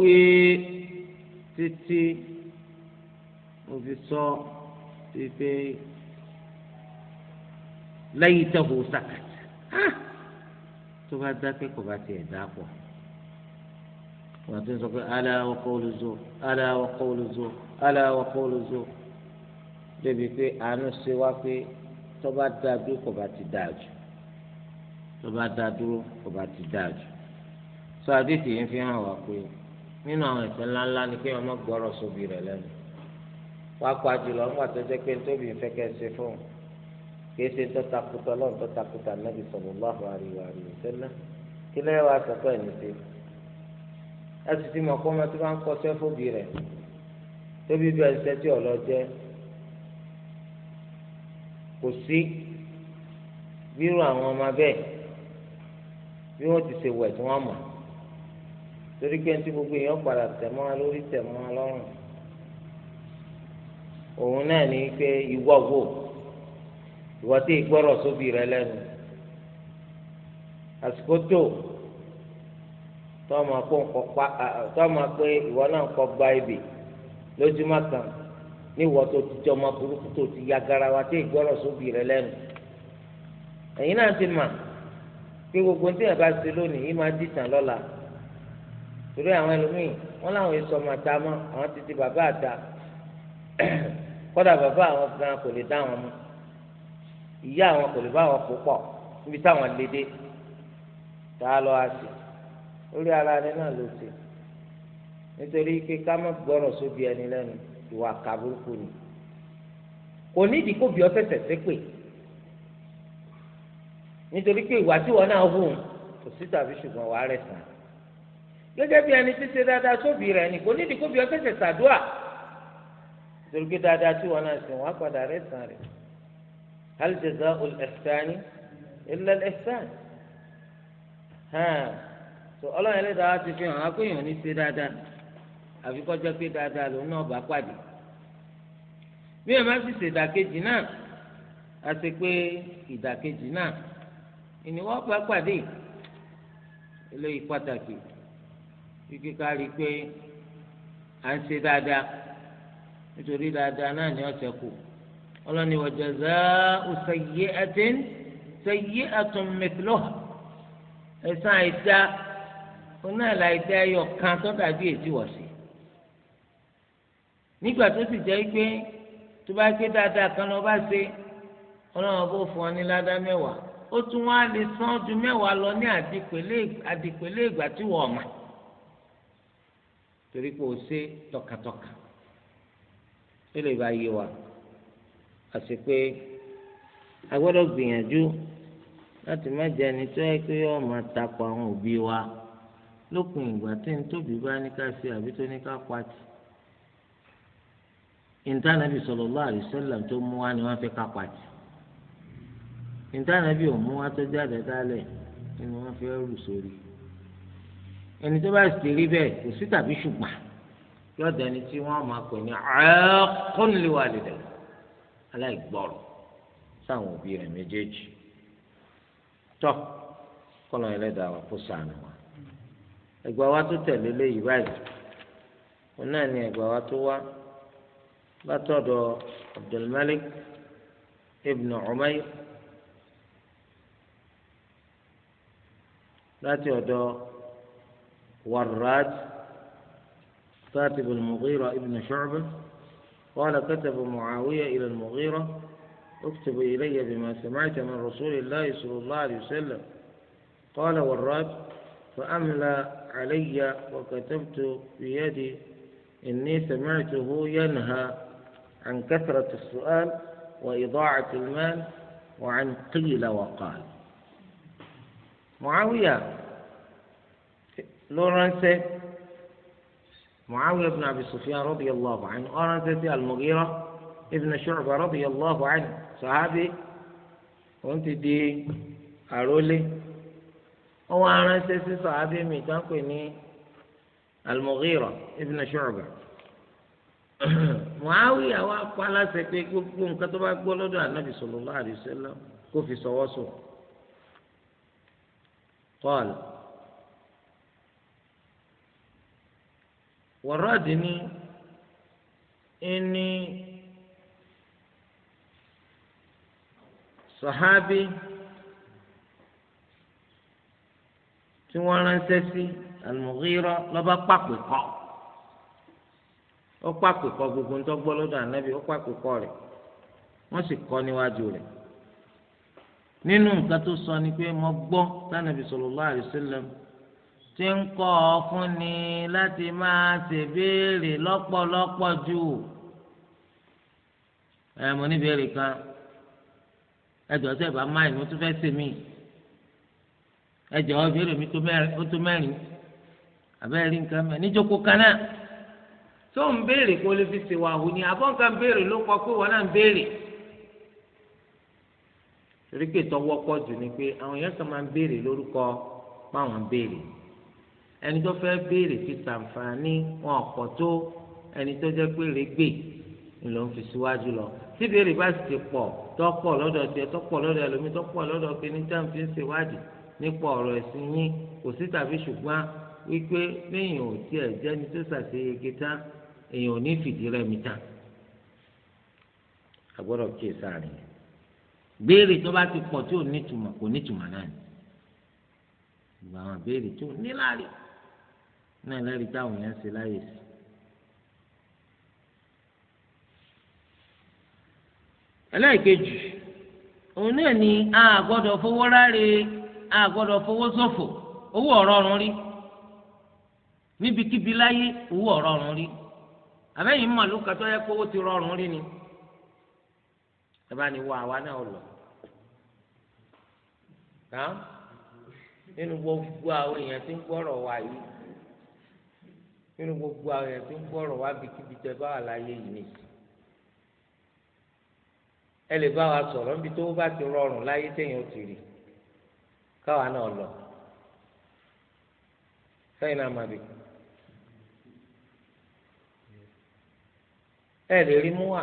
ti sàkàtì. Ah! tó bá dákẹ́ kò bá tiẹ̀ dá pọ̀ wọ́n ti sọ pé ala wa qawlu zur ala wa qawlu zur ala wa qawlu zur débi pé àánú ṣe wá pé tó bá dá dúró kò bá ti dá jù tó bá dá dúró kò bá ti dá jù sọ àdìsí yìí fi hàn wá pé nínú àwọn ìfẹ́ ńláńlá ni kí wọ́n má gbọ́rọ̀ sóbì rẹ̀ lẹ́nu wá pa jùlọ ńgbà tó jẹ́ pé tóbi ìfẹ́ kẹ́ ṣe fún un kìí ṣe tọ́takùtà lọ́n tọ́takùtà nàbì sallallahu alaihi wa sallam kí lẹ́yìn wá sọ́kọ́ ẹ̀ nìṣe. ẹ sì ti mọ̀ kó ọmọ tó bá ń kọ́ sẹ́fóbì rẹ̀ tóbi bí ẹsẹ̀ tí ọ̀lọ́ jẹ́ kò sí bírò àwọn ọmọ bẹ́ẹ̀ bí wọ́n ti ṣe wẹ̀ tí wọ́n mọ̀ torí pé ní gbogbo èèyàn padà tẹ̀mọ́ lórí tẹ̀mọ́ lọ́rùn òun náà ní pé ìwọ́ wò ìwọ tí ìgbọ́rọ̀ sóbì rẹ lẹ́nu àsìkò tó tọ́mọ pé ìwọ náà kọ́ gba ibì lójúmọ́ kan ní ìwọ tó ti jọ ọmọ burúkú tó ti ya garawa tí ìgbọ́rọ̀ sóbì rẹ lẹ́nu ẹ̀yin náà ti mà pé gbogbo tí yàrá ṣe lónìí yìí máa dìtàn lọ́la torí àwọn ẹlòmíì wọn làwọn èso ọmọ àta mọ́ àwọn títí bàbá àta [clears throat] kọ́dà bàbá àwọn gan kò lè dá wọn mọ́ ìyá àwọn kò lè bá àwọn pòpọ̀ níbi táwọn lédè tá a lọ àṣì orí ara rẹ náà ló ṣe nítorí pé ká má gbọ́rọ̀ sóbi ẹni lẹ́nu ìwà kàbúrúkú ni kò nídìí kó bí ọ tẹ̀sẹ̀ sépè nítorí pé ìwà tí wọn náà hù kò sí tàbí ṣùgbọ́n wàá rẹ̀ sàn gẹ́gẹ́ bí ẹni títí dáadáa sóbì rẹ̀ ni kò nídìí kó bí ọ tẹ̀sẹ̀ sàdúà nítorí pé dáadáa tí wọn náà sìn wọn á padà rẹ̀ sàn rẹ̀. هل جزاء الإحسان إلا الإحسان ها sọlọ yẹn lẹsàá ti fi hàn akéèyàn ní ṣe dáadáa àfi kọjá pé dáadáa lòun náà bá pàdé bí ẹ má sì ṣe ìdàkejì náà a ṣe pé ìdàkejì náà ìníwọ́ bá pàdé eléyìí pàtàkì kíkí ká rí i pé à ń ṣe dáadáa nítorí dáadáa náà ni ọ̀sẹ̀ kù ọlọ́ni wa jazā'u sayyi'atin sayyi'atun mithluha ẹ̀san àìdá oná àìdá ẹyọ kan tó dàbí ètí wọ̀ sí. nígbà tó sì jẹ́ pé tó bá gbé dáadáa kan lọ bá ṣe ọlọ́run bó fún ọ ní ládá mẹ́wàá ó tún wá lè san ju mẹ́wàá lọ ní àdìpẹ̀lẹ́ ìgbà tí wọ́n mọ̀ torí pé ó ṣe tọkàtọkà ó lè bá yé wa àti pé a gbọ́dọ̀ gbìyànjú láti má jẹ́ ẹni tó yẹ pé yóò máa takò àwọn òbí wa lópin ìgbà tí n tóbi bá ní ká ṣe àbí tó ní ká pàtì ìntànàbì sallallahu alaihi wasallam tó mú wa ni wọ́n fi ká pàtì ìntànàbì ò mú wa tó jáde dálẹ̀ ni wọ́n fi rù sórí ẹni tó bá sì rí bẹ́ẹ̀ kò sí tàbí ṣùgbọ́n yọ̀dọ̀ ẹni tí wọ́n máa pè ní aqil li walidayhi aláìgbọ́rọ̀ sáwọn òbí rẹ̀ méjèèjì tọ́ kọ́lọ́ ẹlẹ́dàá wa kó sànù wa ẹgbà wa tó tẹ̀lé léyìí báyìí wọn náà ní ẹgbà wa tó wá látọ̀dọ̀ Abdulmalik ibn Umayr láti ọ̀dọ̀ Warrad katib al ibn Shu'bah. قال كتب معاوية إلى المغيرة اكتب إلي بما سمعت من رسول الله صلى الله عليه وسلم قال وراد فأملى علي وكتبت بيدي إني سمعته ينهى عن كثرة السؤال وإضاعة المال وعن قيل وقال معاوية لورنسي معاوية بن أبي سفيان رضي الله عنه أرادت المغيرة ابن شعبة رضي الله عنه صحابي وانت دي أرولي هو أرادت صحابي ميتاكني المغيرة ابن شعبة معاوية وقال سيكون كتب أقول النبي صلى الله عليه وسلم كفي سواسو قال wọ́rọ́ọ̀dì ní ẹni sọ̀hábí tí wọ́n ránṣẹ́ sí Al-Mughira lọ́ba pàpè kọ́ ó pàpè kọ́ gbogbo ń tọ́gbọ́ lọ́dọ̀ ànábì ó pàpè kọ́ rẹ̀ wọ́n sì kọ́ níwájú rẹ̀ nínú nǹkan tó sọ ni pé mo gbọ́ tánàbì sallallahu alaihi wasallam tí ń kọ́ ọ fún ni láti máa ṣèbéèrè lọ́pọ̀lọpọ̀ jù ẹ mo ní ìbéèrè kan ẹ jọ sẹ bá máa ìmú tó fẹ́ ṣe mí ẹ ìbéèrè mi ó tó mẹ́rin abẹ́ rí nǹkan mẹ́ níjókòó kan náà tó ń béèrè kó lè fi ṣèwà hù ni àbọ̀ nǹkan béèrè ló kọ pé wọn náà ń béèrè torí pé tọwọ́ jù ni pé àwọn èèyàn kan máa ń béèrè lórúkọ páwọn ń béèrè ẹni tó fẹ́ béèrè fi sàǹfààní wọn ọ̀pọ̀ tó ẹni tó jẹ́ pé rẹ́gbẹ̀ ló ń fi síwájú lọ tí béèrè bá sì ti pọ̀ tọ́pọ̀ lọ́dọ̀ tiẹ̀ tọ́pọ̀ lọ́dọ̀ ẹlòmíì tọ́pọ̀ lọ́dọ̀ kìíní tí a fi ń ṣèwádìí nípa ọ̀rọ̀ ẹ̀sìn yín kò sí tàbí ṣùgbọ́n wípé léèyàn ò tiẹ̀ jẹ́ni tó ṣàṣeyege tán èèyàn ò ní fìdí rẹmi tán àgbọ́dọ̀ kíyè sáàrin béèrè tó bá ti pọ̀ tí ò nítumọ̀ kò nítumọ̀ náà ni ìgbà àwọn béèrè tó níláàrin náà lẹ́rìí táwọn èèyàn ṣe láyè sí. ẹlẹ́ẹ̀kejì òun náà ni a gbọ́dọ̀ fowó ráre a gbọ́dọ̀ fowó ṣòfò owó ọ̀rọ̀rùn rí níbikíbi láyé owó ọ̀rọ̀rùn rí àbẹ́yìn màlúù kàtọ́ yẹ kó owó ti rọrùn rí ni ẹ bá ní wọ àwa náà lọ nínú gbogbo àwọn èèyàn tí ń gbọ́rọ̀ wá yìí nínú gbogbo àwọn èèyàn tó ń gbọ́rọ̀ wá bíkíbi tẹ bá wà láyé yìí nìyí ẹ lè bá wa sọ̀rọ̀ níbi tó bá ti rọrùn láyé téèyàn ti rì káwa náà lọ sẹ́yìn náà má bì ẹ lè rí mú wa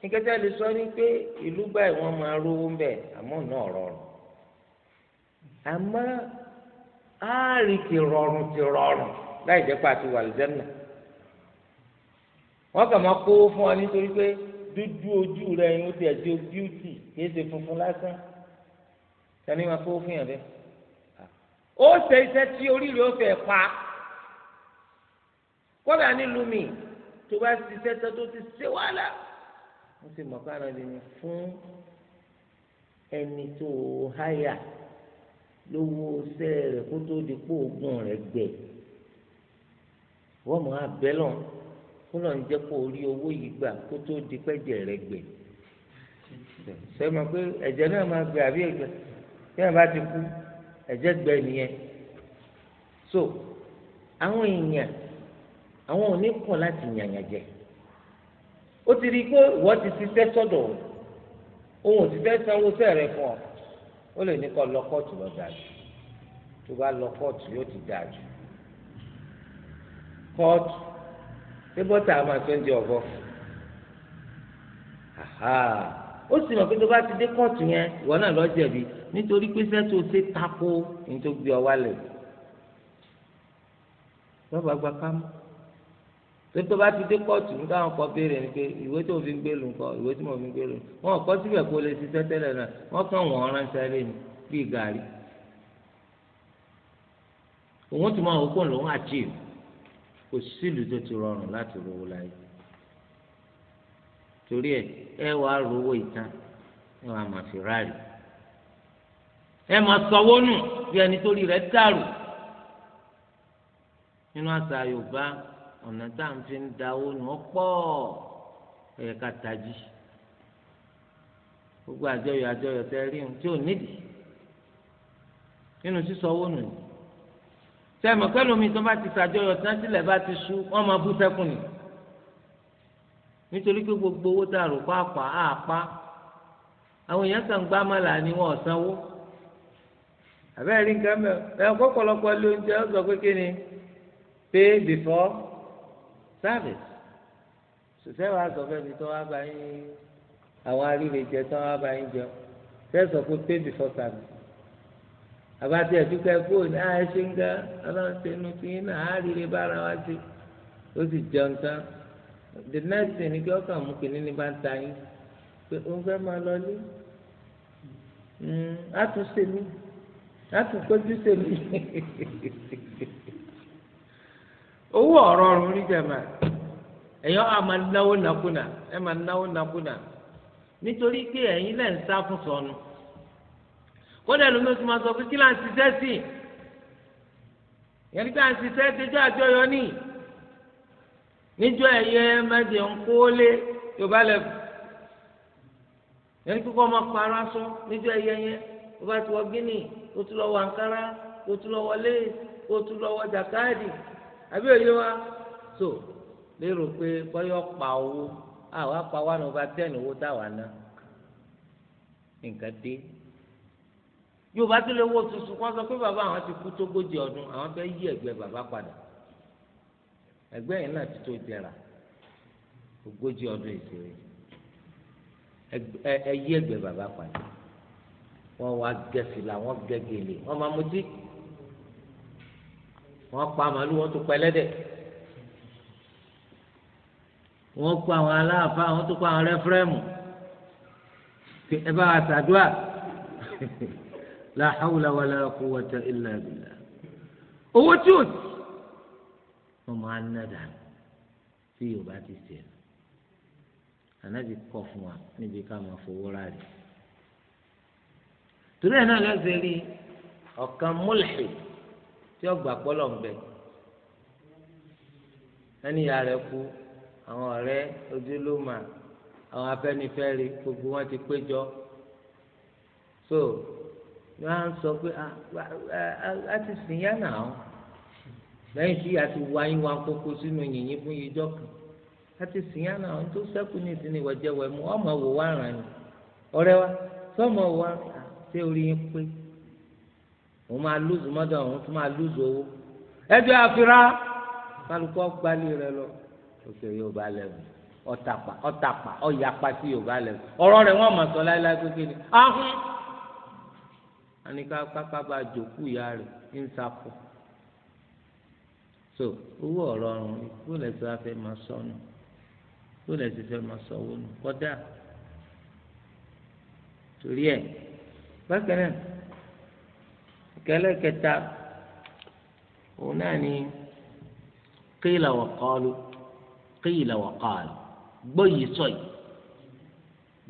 nígbàtà lè sọ ni pé ìlú báyìí wọ́n máa rówó ń bẹ àmọ́ náà rọrùn àmọ́ àárí ti rọrùn ti rọrùn láì jẹ́ pé àti wàlìjẹ́nà wọ́n kàn máa kówó fún ọ nítorí pé dúdú ojú rẹ yóò tẹ̀ sí bíútì kìí ṣe funfun lásán sani máa kówó fún yàn bẹ́ẹ̀ ó ṣe iṣẹ́ tí oríire ó fẹ́ pa kọ́dà nílùú mi tó bá ṣiṣẹ́ tó tó ti ṣe wàhálà wọ́n sì mọ̀ kára lè ní fún ẹni tó háyà lówó ṣẹ́ rẹ̀ kó tó di pé oògùn rẹ̀ gbẹ̀ẹ́ wọ́n mọ̀ abẹ́lọ̀ kó lọ́n jẹ́ kó o rí owó yìí gbà kó tó di pẹ́jẹ́ rẹ gbẹ̀ ṣe mọ̀ pé ẹ̀jẹ̀ náà máa gbẹ àbí ẹ̀jẹ̀ tí wọ́n bá ti kú ẹ̀jẹ̀ gbẹ nìyẹn so àwọn èèyàn àwọn ò ní kọ̀ láti yànyàn jẹ ó ti rí i pé ìwọ ti ṣiṣẹ́ sọ́dọ̀ òun ò ti fẹ́ sanwó sẹ́ẹ̀rẹ̀ fún ọ ó lè ní kọ́ lọ kóòtù lọ dájú tó bá lọ kóòtù yóò ti dájú Court. kóòtù ṣé bọ́tà máa tó ń di ọ̀bọ ó sì mọ̀ pé tó bá ti dé kóòtù yẹn ìwọ náà lọ jẹ̀bi nítorí pé sẹ́tò ṣe tako ní tó gbé ọ wálẹ̀ lọ́ba gba kámú tó bá ti dé kóòtù ní káwọn kọ béèrè ni pé ìwé tó fi ń gbé lu nǹkan ìwé tí mo fi ń gbé lu wọn kọ síbẹ̀ kó lè ṣiṣẹ́ tẹ́lẹ̀ náà wọ́n kàn wọ́n ránṣẹ́ lé mi bíi gàrí òun tún máa wò kó lòun àjèjì. kò sílùú tó ti rọrùn láti rówó láyé torí ẹ ẹ wàá rówó ìtàn ẹ wàá máa fi ráàlì ẹ máa sọwọ́ nù bí ẹni tó rí rẹ̀ dàrú nínú àṣà Yorùbá ọ̀nà tá fi ń nù ọ́ pọ̀ ẹ̀yẹ gbogbo àjọyọ̀ àjọyọ̀ tẹ́ rí ohun tí ò nídìí nínú sẹ́mi kẹ́lómi tó bá ti ṣàjọyọ̀ tí wọ́n tilẹ̀ bá ti sú wọ́n máa bú sẹ́kùn ni nítorí pé gbogbo owó tá a rò pa àpá àpá àwọn èèyàn kan gbá mọ́là ni wọ́n ò sanwó àbẹ́rẹ́ rí nǹkan mẹ́ ẹ kọ́kọ́lọ́kọ́ ló ń jẹ́ ọ̀sọ̀ pé kí ni pay before service ṣùṣẹ́ wàá sọ fẹ́ni tó wá bá yín àwọn arílẹ̀ jẹ tó wá bá yín jẹ fẹ́ sọ pé pay before service àbátí ẹ̀dúkọ̀ ah, ẹ̀kọ́ ní àìsí ń gá ọlọ́run ṣe inú sí iná àárírẹ bára wá sí ó sì jẹun tán the next thing ni kí ọkàn mú kìíní ní bá ń ta yín pé ó fẹ́ máa lọ lé àtúnṣe hmm, mi àtúnkójú ṣe mi [laughs] owó ọ̀rọ̀ ọ̀run rí jẹ̀mà ẹ̀yọ́ a máa náwó ẹ̀ kódà lómi oṣù máa sọ pé kí là ń ṣiṣẹ́ sí yẹn nígbà ń ṣiṣẹ́ déjọ́ àjọyọ̀ ní níjọ́ ẹ̀yẹ mẹ́jẹ̀ ń kólé yorùbá lẹ́bù yẹn kíkọ́ ọmọ parọ́ aṣọ níjọ́ ẹ̀yẹ yẹn ó bá ti wọ gíní ó tún lọ wọ àǹkárá tún lọ wọ léè tún lọ wọ àbí òye wa so lérò pé bọ́yọ̀ pa owó àwọn apá wa ní ọba tẹ́ẹ̀nì owó táwa ná nǹkan dé yorùbá tó lè wọ tuntun kó sọ pé bàbá àwọn ti kú tógójì ọdún àwọn fẹ́ yí ẹ̀gbẹ́ bàbá padà ẹ̀gbẹ́ yẹn náà ti tó jẹrà ogójì ọdún ìṣeré ẹyí ẹ̀gbẹ́ bàbá padà wọn wá gẹ̀ẹ́sì làwọn gẹ̀gẹ̀lẹ̀ wọn máa mutí wọn pa màálù wọn tó pẹlẹ́dẹ̀ wọn kó àwọn aláàfáà wọn tó kó àwọn rẹfúrẹmù ẹ bá wa ṣàdúrà. [laughs] la hawla wa la quwwata illa billah owó tí ò sí wọn máa ń nàdà tí yorùbá ti sè é ànábì kọ fún wa níbi ká máa fowó rárí torí ẹ̀ náà lọ́sẹ̀ rí ọ̀kan múlẹ̀ tí ọgbà pọ́lọ̀ ń bẹ̀ ẹni ìyá rẹ̀ kú àwọn ọ̀rẹ́ ojúlùmọ̀ àwọn afẹ́nifẹ́re gbogbo wọn ti péjọ so ni wọ́n á sọ pé ah, a ti sìn yá náà lẹ́yìn tí a ti wá yín wá kókó sínú yìnyín fún ìjọ kan a ti sìn yá náà tó sẹ́kù ní ìsinmi ọmọ wò wá ràn wa sọ́mọ wa ah, ṣé orí yín pé òun máa lùzù òun tún máa lùzù owó àfira rẹ lọ òkè Yorùbá sí Yorùbá sọ láéláé ahun. anika kápá bá jòkú ìyá rẹ̀ ń so owó ọ̀rọ̀ ọ̀run ikú lẹ́sẹ̀ afẹ́ máa sọnù ikú lẹ́sẹ̀ fẹ́ máa sọwọ́ nù kọ́dà torí ẹ̀ bákan náà ìkẹlẹ́ kẹta òun náà ni qila wa qalu qila wa qalu gbọ́ yìí sọ yìí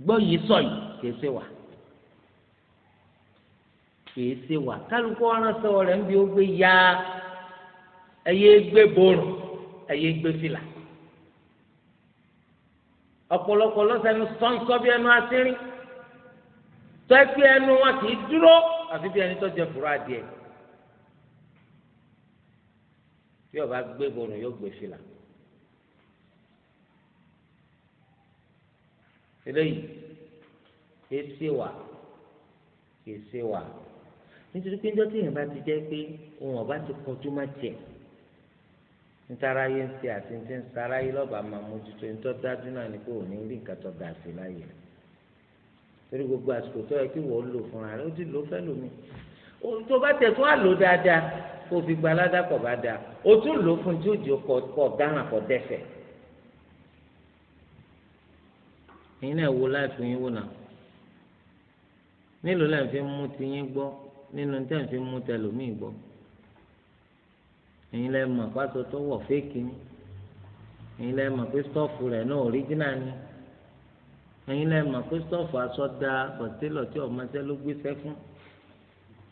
gbọ́ yìí sọ yìí kèsè wà. kìí ṣe wà kálukú ọ̀ràn sọ rẹ̀ ń bí ó gbé ya ẹyẹ gbé borùn ẹyẹ gbé fìlà ọ̀pọ̀lọpọ̀ lọ́sẹ̀nu sọ́nsọ́ bí ẹnu asírin tọ́ẹ̀kì ẹnu wọn kìí dúró àfi bí ẹni tó jẹ fúra adìẹ bí ọba gbé borùn yóò gbé fìlà. eléyìí kìí ṣe wà kìí ṣe wà. nítorí pé ńjọ́ tí èèyàn bá ti jẹ́ pé òun ọ̀bá ti kọjú má tiẹ̀ ntaráyé ń ṣe àti ti ń saráyé lọ́ba máa mójútó ní tó dájú náà ni pé òun ní rí nǹkan tó ga sí láyé rẹ̀ torí gbogbo àsìkò tó yẹ kí wọ́n lò fúnra rẹ̀ ó ti lò fẹ́ lómi tó bá tẹ̀ tún àlò dáadáa kó fi gba aládàpọ̀ bá dáa ó tún lò fún tí ó di ọkọ̀ dáràn dẹ́sẹ̀ ẹ̀yin náà wo láìpẹ́ yín wò náà nílò láì fi mú ti yín gbọ́ nínú tẹ́ǹfì mú tẹlómi gbọ́ ẹ̀yin lẹ́ mọ̀ pásọ tó wọ̀ fẹ́ẹ̀kì ni ẹ̀yin lẹ́ mọ̀ pé stọ́ọ̀fù rẹ̀ náà ọ̀ríjínà ni ẹ̀yin lẹ́ mọ̀ pé stọ́ọ̀fù asọ́dá kọ̀tẹ́lọ̀ tí ọ̀mọṣẹ́ ló gbéṣẹ́ fún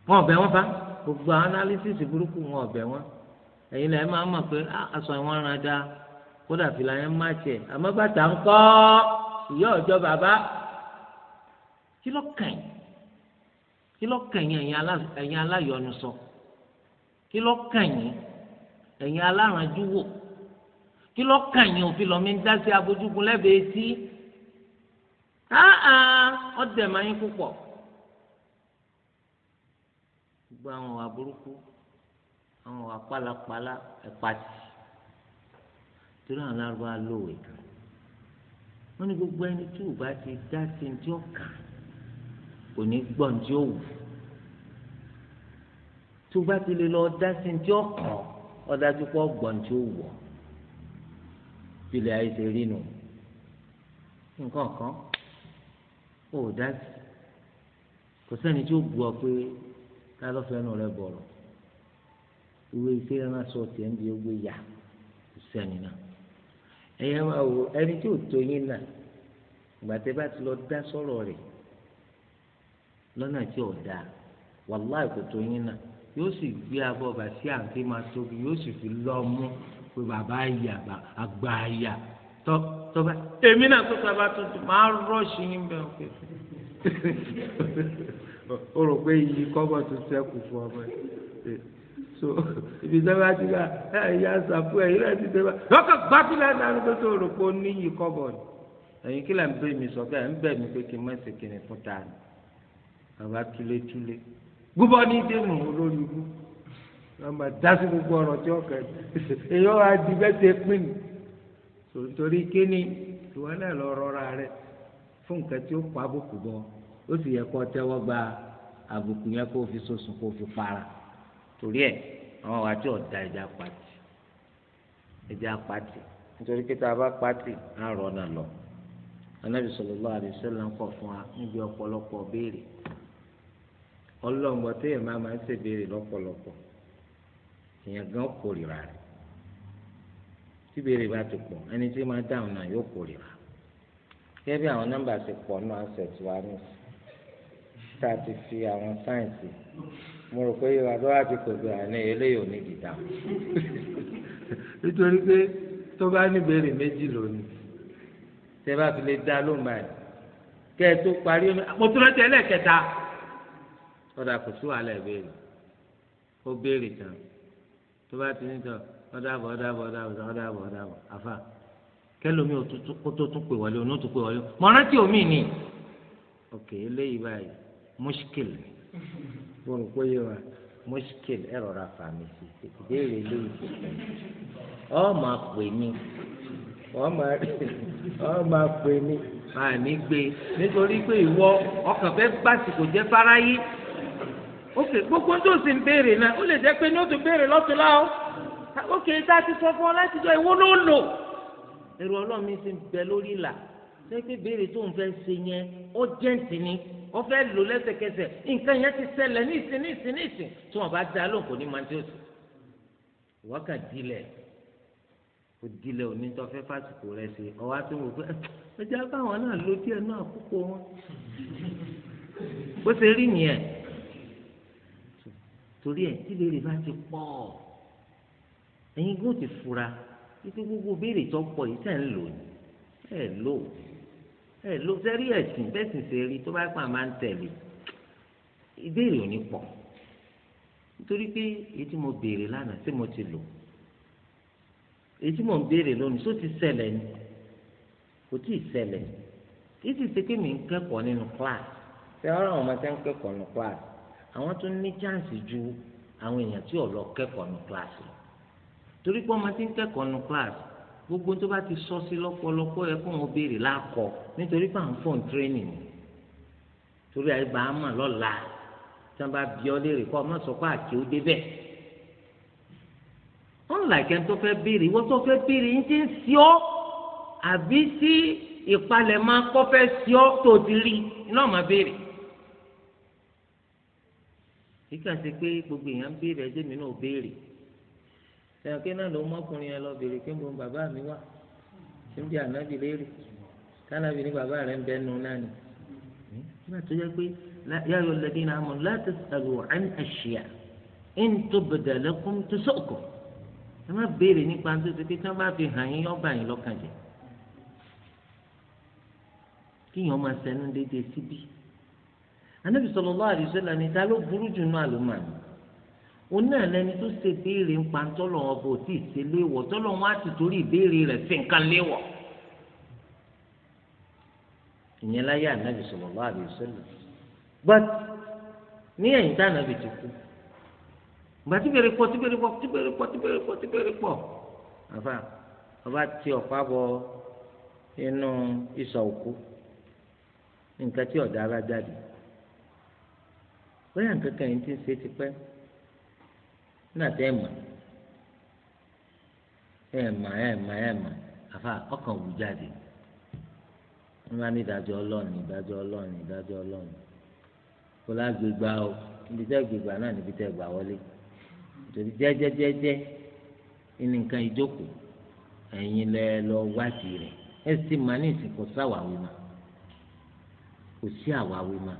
wọn ọ̀bẹ wọn fa gbogbo analysis burúkú wọn ọ̀bẹ wọn ẹ̀yin lẹ́ máa mọ̀ pé ah, aṣọ ìwọ̀n ara da kódà fìlà yẹn má tiẹ̀ àmọ́ bàtà ńkọ́ ìyá ọjọ́ bàbá kí ló kàn kí ló kàn yín ẹ̀yin aláyọnu sọ kí ló kàn yín ẹ̀yin alárànjú wò kí ló kàn yín òfin lọ́mí ń dá sí abojúgun lẹ́bẹ̀ẹ́ tí ọ̀dẹ̀ máa yín púpọ̀ gbogbo àwọn ọ̀wà burúkú àwọn ọ̀wà pálapàla ẹ̀pàtì torí àwọn alárúbá lòwe kan wọ́n ní gbogbo ẹni tí ò bá ti dá sí ní tí ó kàn án kò ní gbọ́n tí ó wù tó bá ti lè lọ dá sí tí ó kàn ọ́ dájú pé ọgbọ́n tí ó wù ọ́ ìpìlẹ̀ ayé ti rí nù nǹkan kan ó dá sí kò sẹ́ni tí ó bu ọ pé ká lọ́ fẹ́ nù rẹ bọ̀rọ̀ ìwé iṣẹ́ náà sọ tiẹ̀ ń di ogbe yá kò sẹ́ni náà ẹ̀yẹ́ máa wò ẹni tí ò tó yín náà ìgbà bá ti lọ dá sọ̀rọ̀ rẹ̀ lọ́nà tí ò dáa wàláì kò tó yín náà yóò sì gbé abọ́ba sí àǹtí máa tóbi fi lọ́ pé bàbá àyà àgbà àyà tọ́ba èmi náà tó tuntun máa rọ́ọ̀ṣì yín bẹ́ẹ̀ pé o rò pé iyì kọ́bọ̀ tó sẹ́kù fún ọmọ so ibi sábà ti bá ẹ̀yà sàpò ẹ̀yìn náà ti sábà lọ́kàn gbàtú tó tó rò pé o kọ́bọ̀ kí ń bàbá túlétúlé gbúbọ ní dénú olórí ibú ọmọ dásí gbogbo ọ̀rọ̀ tí ọkẹ èyí wà á di bẹsẹ pín nítorí kíni ìwọ náà lọ rọra rẹ fún nǹkan tí ó kọ àbùkù bọ ó sì yẹ kó tẹ́wọ́ gba àbùkù yẹn kó fi sosun kó fi para torí ẹ àwọn wa tí ọ̀dà ẹja pàtì ẹja pàtì nítorí pé tá a bá pàtì á rọ̀ náà lọ anábì sallallahu alaihi wasallam kọ̀ fún wa níbi ọ̀pọ̀lọpọ̀ béèrè ọlọ́ngbọ́ tó yẹ máa máa ń ṣèbéèrè lọ́pọ̀lọpọ̀ èèyàn gan kórìíra rẹ̀ tí béèrè bá ti pọ̀ ẹni tí máa dáhùn náà yóò kórìíra gẹ́gẹ́ bí àwọn nọ́mbà ti pọ̀ nínú asẹ̀tì wa ní tá a ti fi àwọn sáyẹ̀nsì mo rò pé yorùbá tó wà ti pè pé àná eléyìí ò ní dìda nítorí pé tó bá ní béèrè méjì lónìí tẹ bá fi lè dá lóun báyìí kẹ ẹ tó parí omi àpótúrọ́tẹ̀ ẹlẹ́kẹta ọ̀dà kò sí wàhálà ìbéèrè ó béèrè tán tó bá ti ní tán ọ̀dàbọ̀ ọ̀dàbọ̀ ọ̀dàbọ̀ ọ̀dàbọ̀ ọ̀dàbọ̀ àfà kẹlòmí kó tó tún pè wọlé onó tún pè wọlé mọ̀rántí omi ni ok eléyìí báyìí mushkil [laughs] mo rò pé yé wa mushkil ẹ rọra fà mí sí ìbéèrè eléyìí ọ máa pè mí ọ máa pè mí máa [laughs] mí gbé nítorí pé ìwọ ọkàn fẹ́ gbàsìkò jẹ́ fáráyé ok gbogbo tó sì ń béèrè náà ó lè jẹ́ pé ní ó tún béèrè lọ́tún láwọ́ ok tá a ti sọ fún ọ láti jọ ìwọ ló lò èrò ọlọ́run mi ti bẹ lórí ìlà ṣé pé béèrè tó ń fẹ́ ṣe yẹn ó jẹ́ǹtì ni ó fẹ́ lò lẹ́sẹ̀kẹsẹ̀ nǹkan yẹn ti ṣẹlẹ̀ ní ìsìn ní ìsìn ní ìsìn tí wọ́n bá dá lóhùn kò ní máa tí ó sì ìwọ́kà dilẹ̀ kò dilẹ̀ òní tó fẹ́ fásitì rẹ ṣe ọwọ́ àti wò pé ah, ẹjẹ́ báwọn náà ló díẹ̀ náà àkókò wọn bó ṣe rí nìyẹn torí ẹ̀ tí béèrè bá ti pọ̀ ẹ̀yin gbọ́dọ̀ ti fura títí gbogbo béèrè tó pọ̀ yìí tẹ̀ ń lò ní ẹ̀ lò ẹ̀ lò sẹ́rí ẹ̀sìn bẹ́ẹ̀ sì ṣe rí tó bá pà máa ń tẹ̀lé ìbéèrè ò ní pọ̀ nítorí pé èyí tí mo béèrè lánàá tí mo ti lò èyí tí mo ń béèrè lónìí só ti ṣẹlẹ̀ ni kò tí ì ṣẹlẹ̀ kì sì ṣe pé mi ń kẹ́kọ̀ọ́ nínú class ṣé ọ̀rọ̀ àwọn ọmọ tẹ́ ń kẹ́kọ̀ọ́ nínú class àwọn tó ní chance ju àwọn èèyàn tí ò lọ kẹ́kọ̀ọ́ nu kíláàsì lọ torí pé ọmọ tí ń kẹ́kọ̀ọ́ nu kíláàsì gbogbo tó bá ti sọ sí lọ́pọ̀lọpọ̀ ẹ fún wọn béèrè lákọ nítorí pé à ń fọ́n tírénìn torí àyè bá a mọ̀ lọ́la tí wọ́n bá bí ọ léèrè kọ́ ọmọ sọ pé àkè ó débẹ̀ unlike ẹni tó fẹ́ béèrè ìwọ tó fẹ́ béèrè yín ti ń sí ọ́ àbí sí ìpalẹ̀mọ́ akọ́fẹ́ sí ọ́ tó ti rí iná ọmọ béèrè kíkà sí pé gbogbo èèyàn ń béèrè ẹjẹ mi náà béèrè ẹ̀yàn kí náà ló mọ́kùnrin yẹn lọ béèrè pé mo bàbá mi wà síbi ànábì léèrè kánábì ní bàbá rẹ̀ ń bẹ́ nu náà ni nígbà tó yẹ pé yā ayyuhalladhīna āmanū lā tas'alū 'an ashiyā' in tubda lakum tasؤkum ẹ má béèrè nípa tó ti pé tí wọ́n bá fi hàn yín yọ́ bàyìn lọ́kàn jẹ́ kíyàn máa sẹ́nu déédéé síbí. Si anabi sallallahu alaihi wasallam ni ta ló burú jù nínú àlùmọ àná òun náà lẹni tó ṣe béèrè ń pa tọlọ ọbọ tí ì ṣe léwọ tọlọ wọn á ti torí ìbéèrè rẹ̀ sí nǹkan léwọ. ìyẹn láyé anabi sallallahu alaihi but ní ẹ̀yìn tá anabi ti kú gbà tí bèrè pọ̀ tí bèrè pọ̀ tí bèrè pọ̀ tí àfa ọba ti ọ̀pá bọ inú ìsọ̀ òkú nǹkan tí ọ̀dà ara jáde. bóyá nǹkan kan yìí ti ń ṣe tipẹ́ nígbà eme eme mọ̀ ẹ̀ mọ̀ ẹ̀ mọ̀ ẹ̀ mọ̀ àfa ọkàn wù jáde wọ́n ní ìdájọ́ ìdájọ́ ìdájọ́ kó lágbègbà o níbi tẹ́ gbègbà náà níbi tẹ́ gbà wọlé torí jẹ́jẹ́jẹ́jẹ́ ní nǹkan ìjókòó ẹ̀yin lẹ lọ wádìí rẹ̀ ẹ sì máa ní ìsìnkú sáwàwí ma kò sí ma.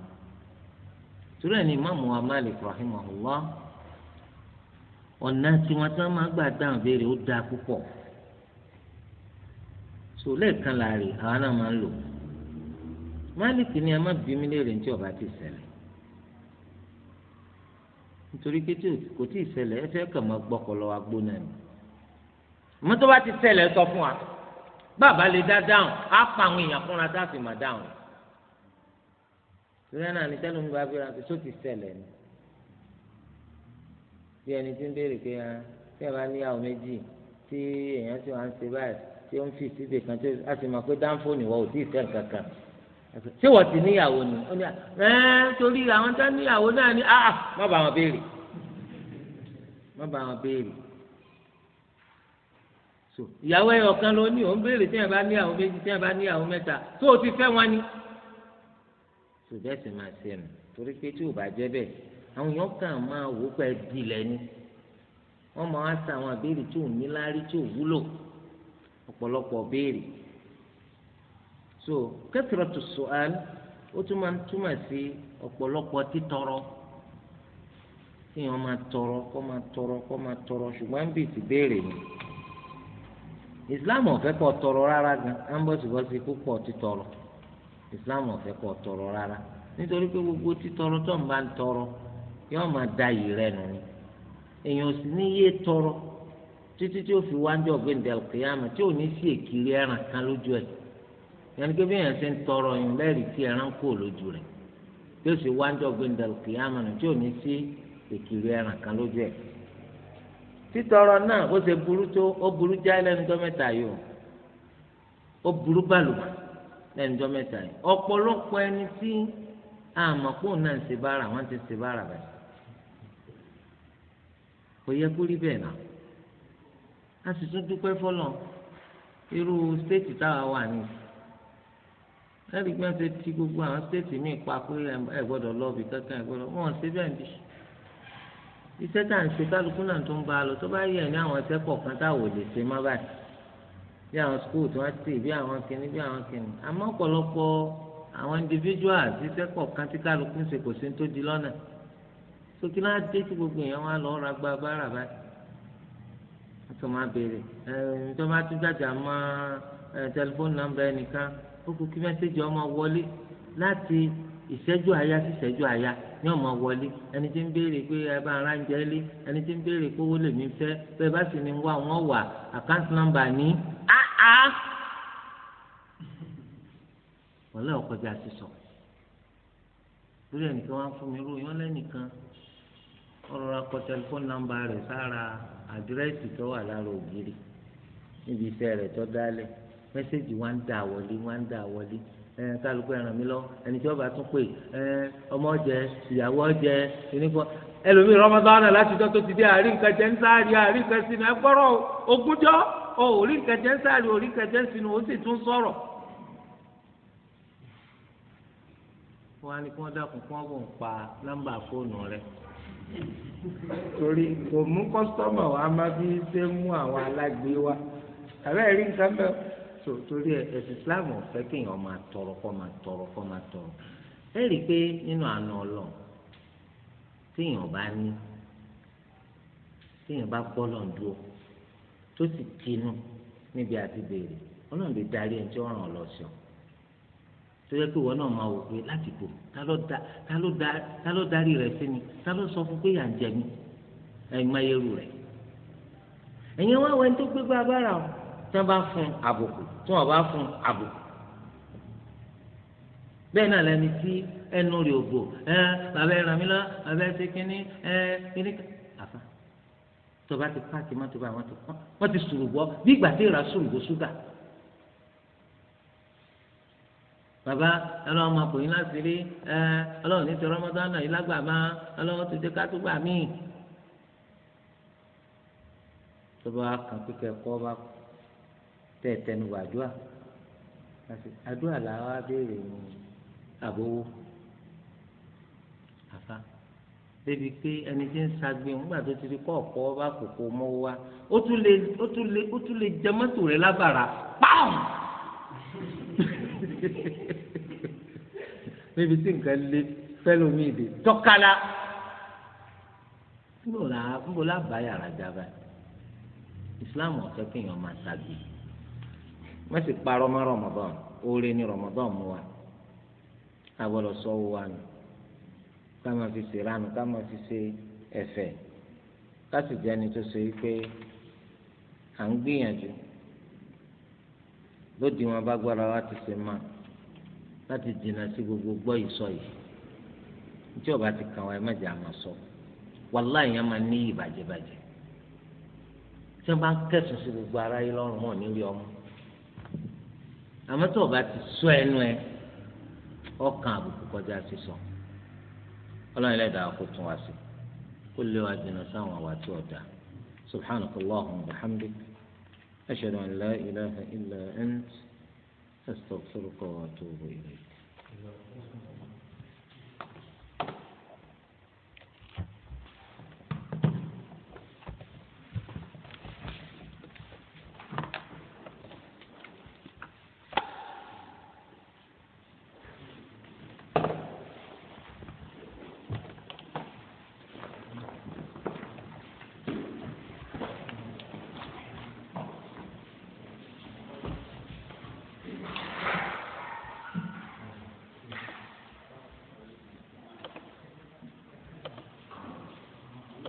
torí ẹni ìmáàmù wa Malik rahimahullah ọ̀nà tiwọn tí wọ́n máa gbà dáhùn béèrè ó dáa púpọ̀ so lẹ́ẹ̀kan láàrin àwọn náà máa ń lò Malik ni a má bí mi léèrè tí ọba ti ṣẹlẹ̀ nítorí pé kò tí ì ṣẹlẹ̀ ẹ fẹ́ kàn máa gbọ́kọlọ wa gbóná ni mọ́tò bá ti ṣẹlẹ̀ sọ fún wa bàbá lè dá dáhùn á pa àwọn èèyàn fúnra tá a fi dáhùn torí náà ní tẹ́lẹ̀ ń gba abẹ́rẹ́ àti sóòtì sẹlẹ̀ ni bí ẹni tí ń béèrè pé ya ah, tí ẹ bá ní àwọn méjì tí èèyàn ti wá ń ṣe báyìí tí ó ń fi síbi kan tí a sì mọ̀ pé dáńfò nìwọ ò tí ì tẹ̀ kankan ṣé wọ́n ti níyàwó ni ó ní ẹ torí àwọn tá níyàwó náà ni ah má bàa wọn béèrè má bàa wọn béèrè so ìyàwó ẹyọ kan ló ní òun béèrè tí ẹ bá níyàwó méjì tí ẹ bá níyàwó mẹ́ta tó o ti fẹ́ wọn ni. sòjẹ́ sì máa ṣe nù torí pé tí ò bá jẹ́ bẹ́ẹ̀ àwọn èèyàn kàn máa wò pẹ́ ni wọ́n máa wá sa àwọn àbẹ́rẹ́ tí ò ní tí ò wúlò ọ̀pọ̀lọpọ̀ béèrè so kathratu su'al ó tún máa túmọ̀ sí ọ̀pọ̀lọpọ̀ títọrọ máa tọrọ kó máa tọrọ kó máa tọrọ ṣùgbọ́n ti béèrè ni Islam ò tọrọ rárá gan-an islam ọ̀fẹ́ kọ́ tọrọ rárá nítorí pé gbogbo títọrọ tó ń bá ń tọrọ yóò máa da yìí rẹ ni èèyàn sì ní yé tọrọ títí tí ó fi wá ń jọ tí ò ní sí èkìrí ẹran kan lójú ẹ̀ yẹnni pé bí ṣe ń tọrọ yìí lẹ́rìí tí ẹran kò lójú rẹ̀ tí ó sì wá ń jọ tí ò ní sí èkìrí ẹran kan lójú ẹ̀ títọrọ lẹ́nu jọ́ mẹ́ta yìí ọ̀pọ̀lọpọ̀ ẹni tí àmọ̀pọ̀ náà ń ṣe bára wọ́n ti ṣe bára báyìí kò yẹ kó rí bẹ́ẹ̀ náà a sì tún dúpẹ́ fọlọ́ irú stéètì táwa wà ní ẹ̀rí pé wọ́n ti ti gbogbo àwọn stéètì míì pa pé ẹ̀ gbọ́dọ̀ lọ́ọ̀bì kankan ẹ̀ gbọ́dọ̀ wọ́n ṣe bẹ́ẹ̀ bí iṣẹ́ tá à ń ṣe kálukú náà tó ń bá a lọ tó bá yẹ ní àwọn ẹsẹ̀ kọ̀ọ̀kan táwọn ò lè ṣe má báyìí bí àwọn skul tí wọ́n ti bí àwọn kìnnì bí àwọn kìnnì àmọ́ ọ̀pọ̀lọpọ̀ àwọn individual ṣiṣẹ́ kọ̀ọ̀kan tí kálukú ń ṣe kò sí tó di lọ́nà sókè náà dé tí gbogbo èèyàn wá lọ ra gba bára báyìí wọ́n tó máa béèrè tó bá tún jàjà mọ́ tẹlifóònù nọ́mbà ẹnìkan ó kú kí mẹ́sẹ̀gì ọmọ wọlé láti ìṣẹ́jú àyá sí ìṣẹ́jú àyá ní ọmọ wọlé ẹni tí ń béèrè pé ẹ bá ara ń jẹ lé ẹni tí ń béèrè pé owó lèmi fẹ́ bẹ́ẹ̀ bá sì ní wá wọn wà àkáǹtì nọ́mbà ní á á wọn lé ọkọ bí a ti sọ lórí ẹnìkan wá fún mi rú yọ lẹ́nìkan ọ̀rọ̀ akọ tẹlifóònù nọ́mbà rẹ̀ sára àdírẹ́sì tó wà lára ògiri níbi iṣẹ́ rẹ̀ tó dálẹ̀ mẹ́sẹ̀gì wá ń dà wọlé wá ń dà wọlé ẹ kálukú ẹ̀ràn mi lọ ẹni tí wọ́n bá tún pè ẹ ọmọ jẹ ìyàwó jẹ onífọ́ ẹlòmíràn ọmọ bá wọn láti jọ tó ti dé àrí nǹkan jẹ ń sáré àrí nǹkan sí ní ẹgbọ́rọ̀ ogúnjọ́ ọ orí kẹjẹ ń sáré orí kẹjẹ ń sinú ó sì tún sọ̀rọ̀. wọn á ní kí wọn dákun kí wọn bò ń pa nọ́mbà fóònù rẹ. torí kò mú kọ́sítọ́mà wa má bí ṣe mú àwọn alágbé wa àbẹ́ rí nǹkan bẹ́ẹ̀ so torí ẹ̀sìn Islam ọ̀fẹ́ kéèyàn máa tọrọ kọ́ máa tọrọ kọ́ máa tọrọ ẹ rí i pé nínú àna ọlọ́run téèyàn bá ní téèyàn bá gbọ́ lọ́n tó sì tinú níbi àti béèrè wọn náà lè darí ẹni tí wọn ràn lọ sí ọ tó yẹ pé wọn náà máa wò pé láti bò ta ló darí rẹ sí mi ta ló sọ fún pé yà ń jẹ mi ẹ̀yin máa yẹrù rẹ ẹ̀yin wá wẹ́n tó gbégbá abára o tí wọ́n bá fún àbùkù tí wọ́n bá fún àbùkù bẹ́ẹ̀ náà lẹni tí ẹnu rẹ̀ ògbò ẹ bàbá ẹ ràn mí lọ bàbá ẹ ṣe kínní ẹ kínní tó bá ti páàkì mọ́tò bá wọn ti pọ́n wọ́n ti sùrùbọ́ bí ìgbà tí ìrà sùrùbọ́ ṣúgà. bàbá ọlọ́run máa pò yín láti rí ẹ ọlọ́run ní ti rọ́mọdánà yìí lágbà máa ọlọ́run ti jẹ́ ká tó gbà míì. tó bá kàn kíkẹ́ bá tẹ̀ tẹnu àdúrà àdúrà làwọn á béèrè àbówó débi pé ẹni tí ń sagbe ńgbà tó ti di kọ́ ọ̀pọ̀ ọba kòkó mọ́wó wa ó tún lè ó tún lè ó tún lè jẹ mọ́tò rẹ̀ lábàrà pàm [laughs] níbi tí nǹkan lè fẹ́lómi ìdè tọ́kálá níbo la bá yàrá jábá Islam ọ̀fẹ́ kéèyàn máa sagbe wọ́n sì parọ́ mọ́ Ramadan oore ni Ramadan mú wa àgbọ̀dọ̀ sọ́wọ́ wa nù. ká máa fi ṣe ránu ká fi ṣe ẹ̀fẹ̀ ká sì ẹni tó ṣe pé à ń gbìyànjú lódì wọn bá gbogbo gbọ́ ìsọ yìí tí ti kàn wá ẹ má jẹ́ àmà sọ wàláì yẹn máa ní ìbàjẹ́bàjẹ́ tí wọ́n bá ń sí gbogbo ara yìí lọ́rùn wọn nílé ọmọ àmọ́ tí ti sọ ẹnu ẹ ọkàn àbùkù So ọlọ́run ẹlẹ́dàá ilẹ̀ ìdáwà kò tún wá sí kó lé wa dènà sáwọn àwa àti ọ̀dà subhanaka allahumma wa bihamdik ashhadu an la ilaha illa ant astaghfiruka wa atubu ilayk.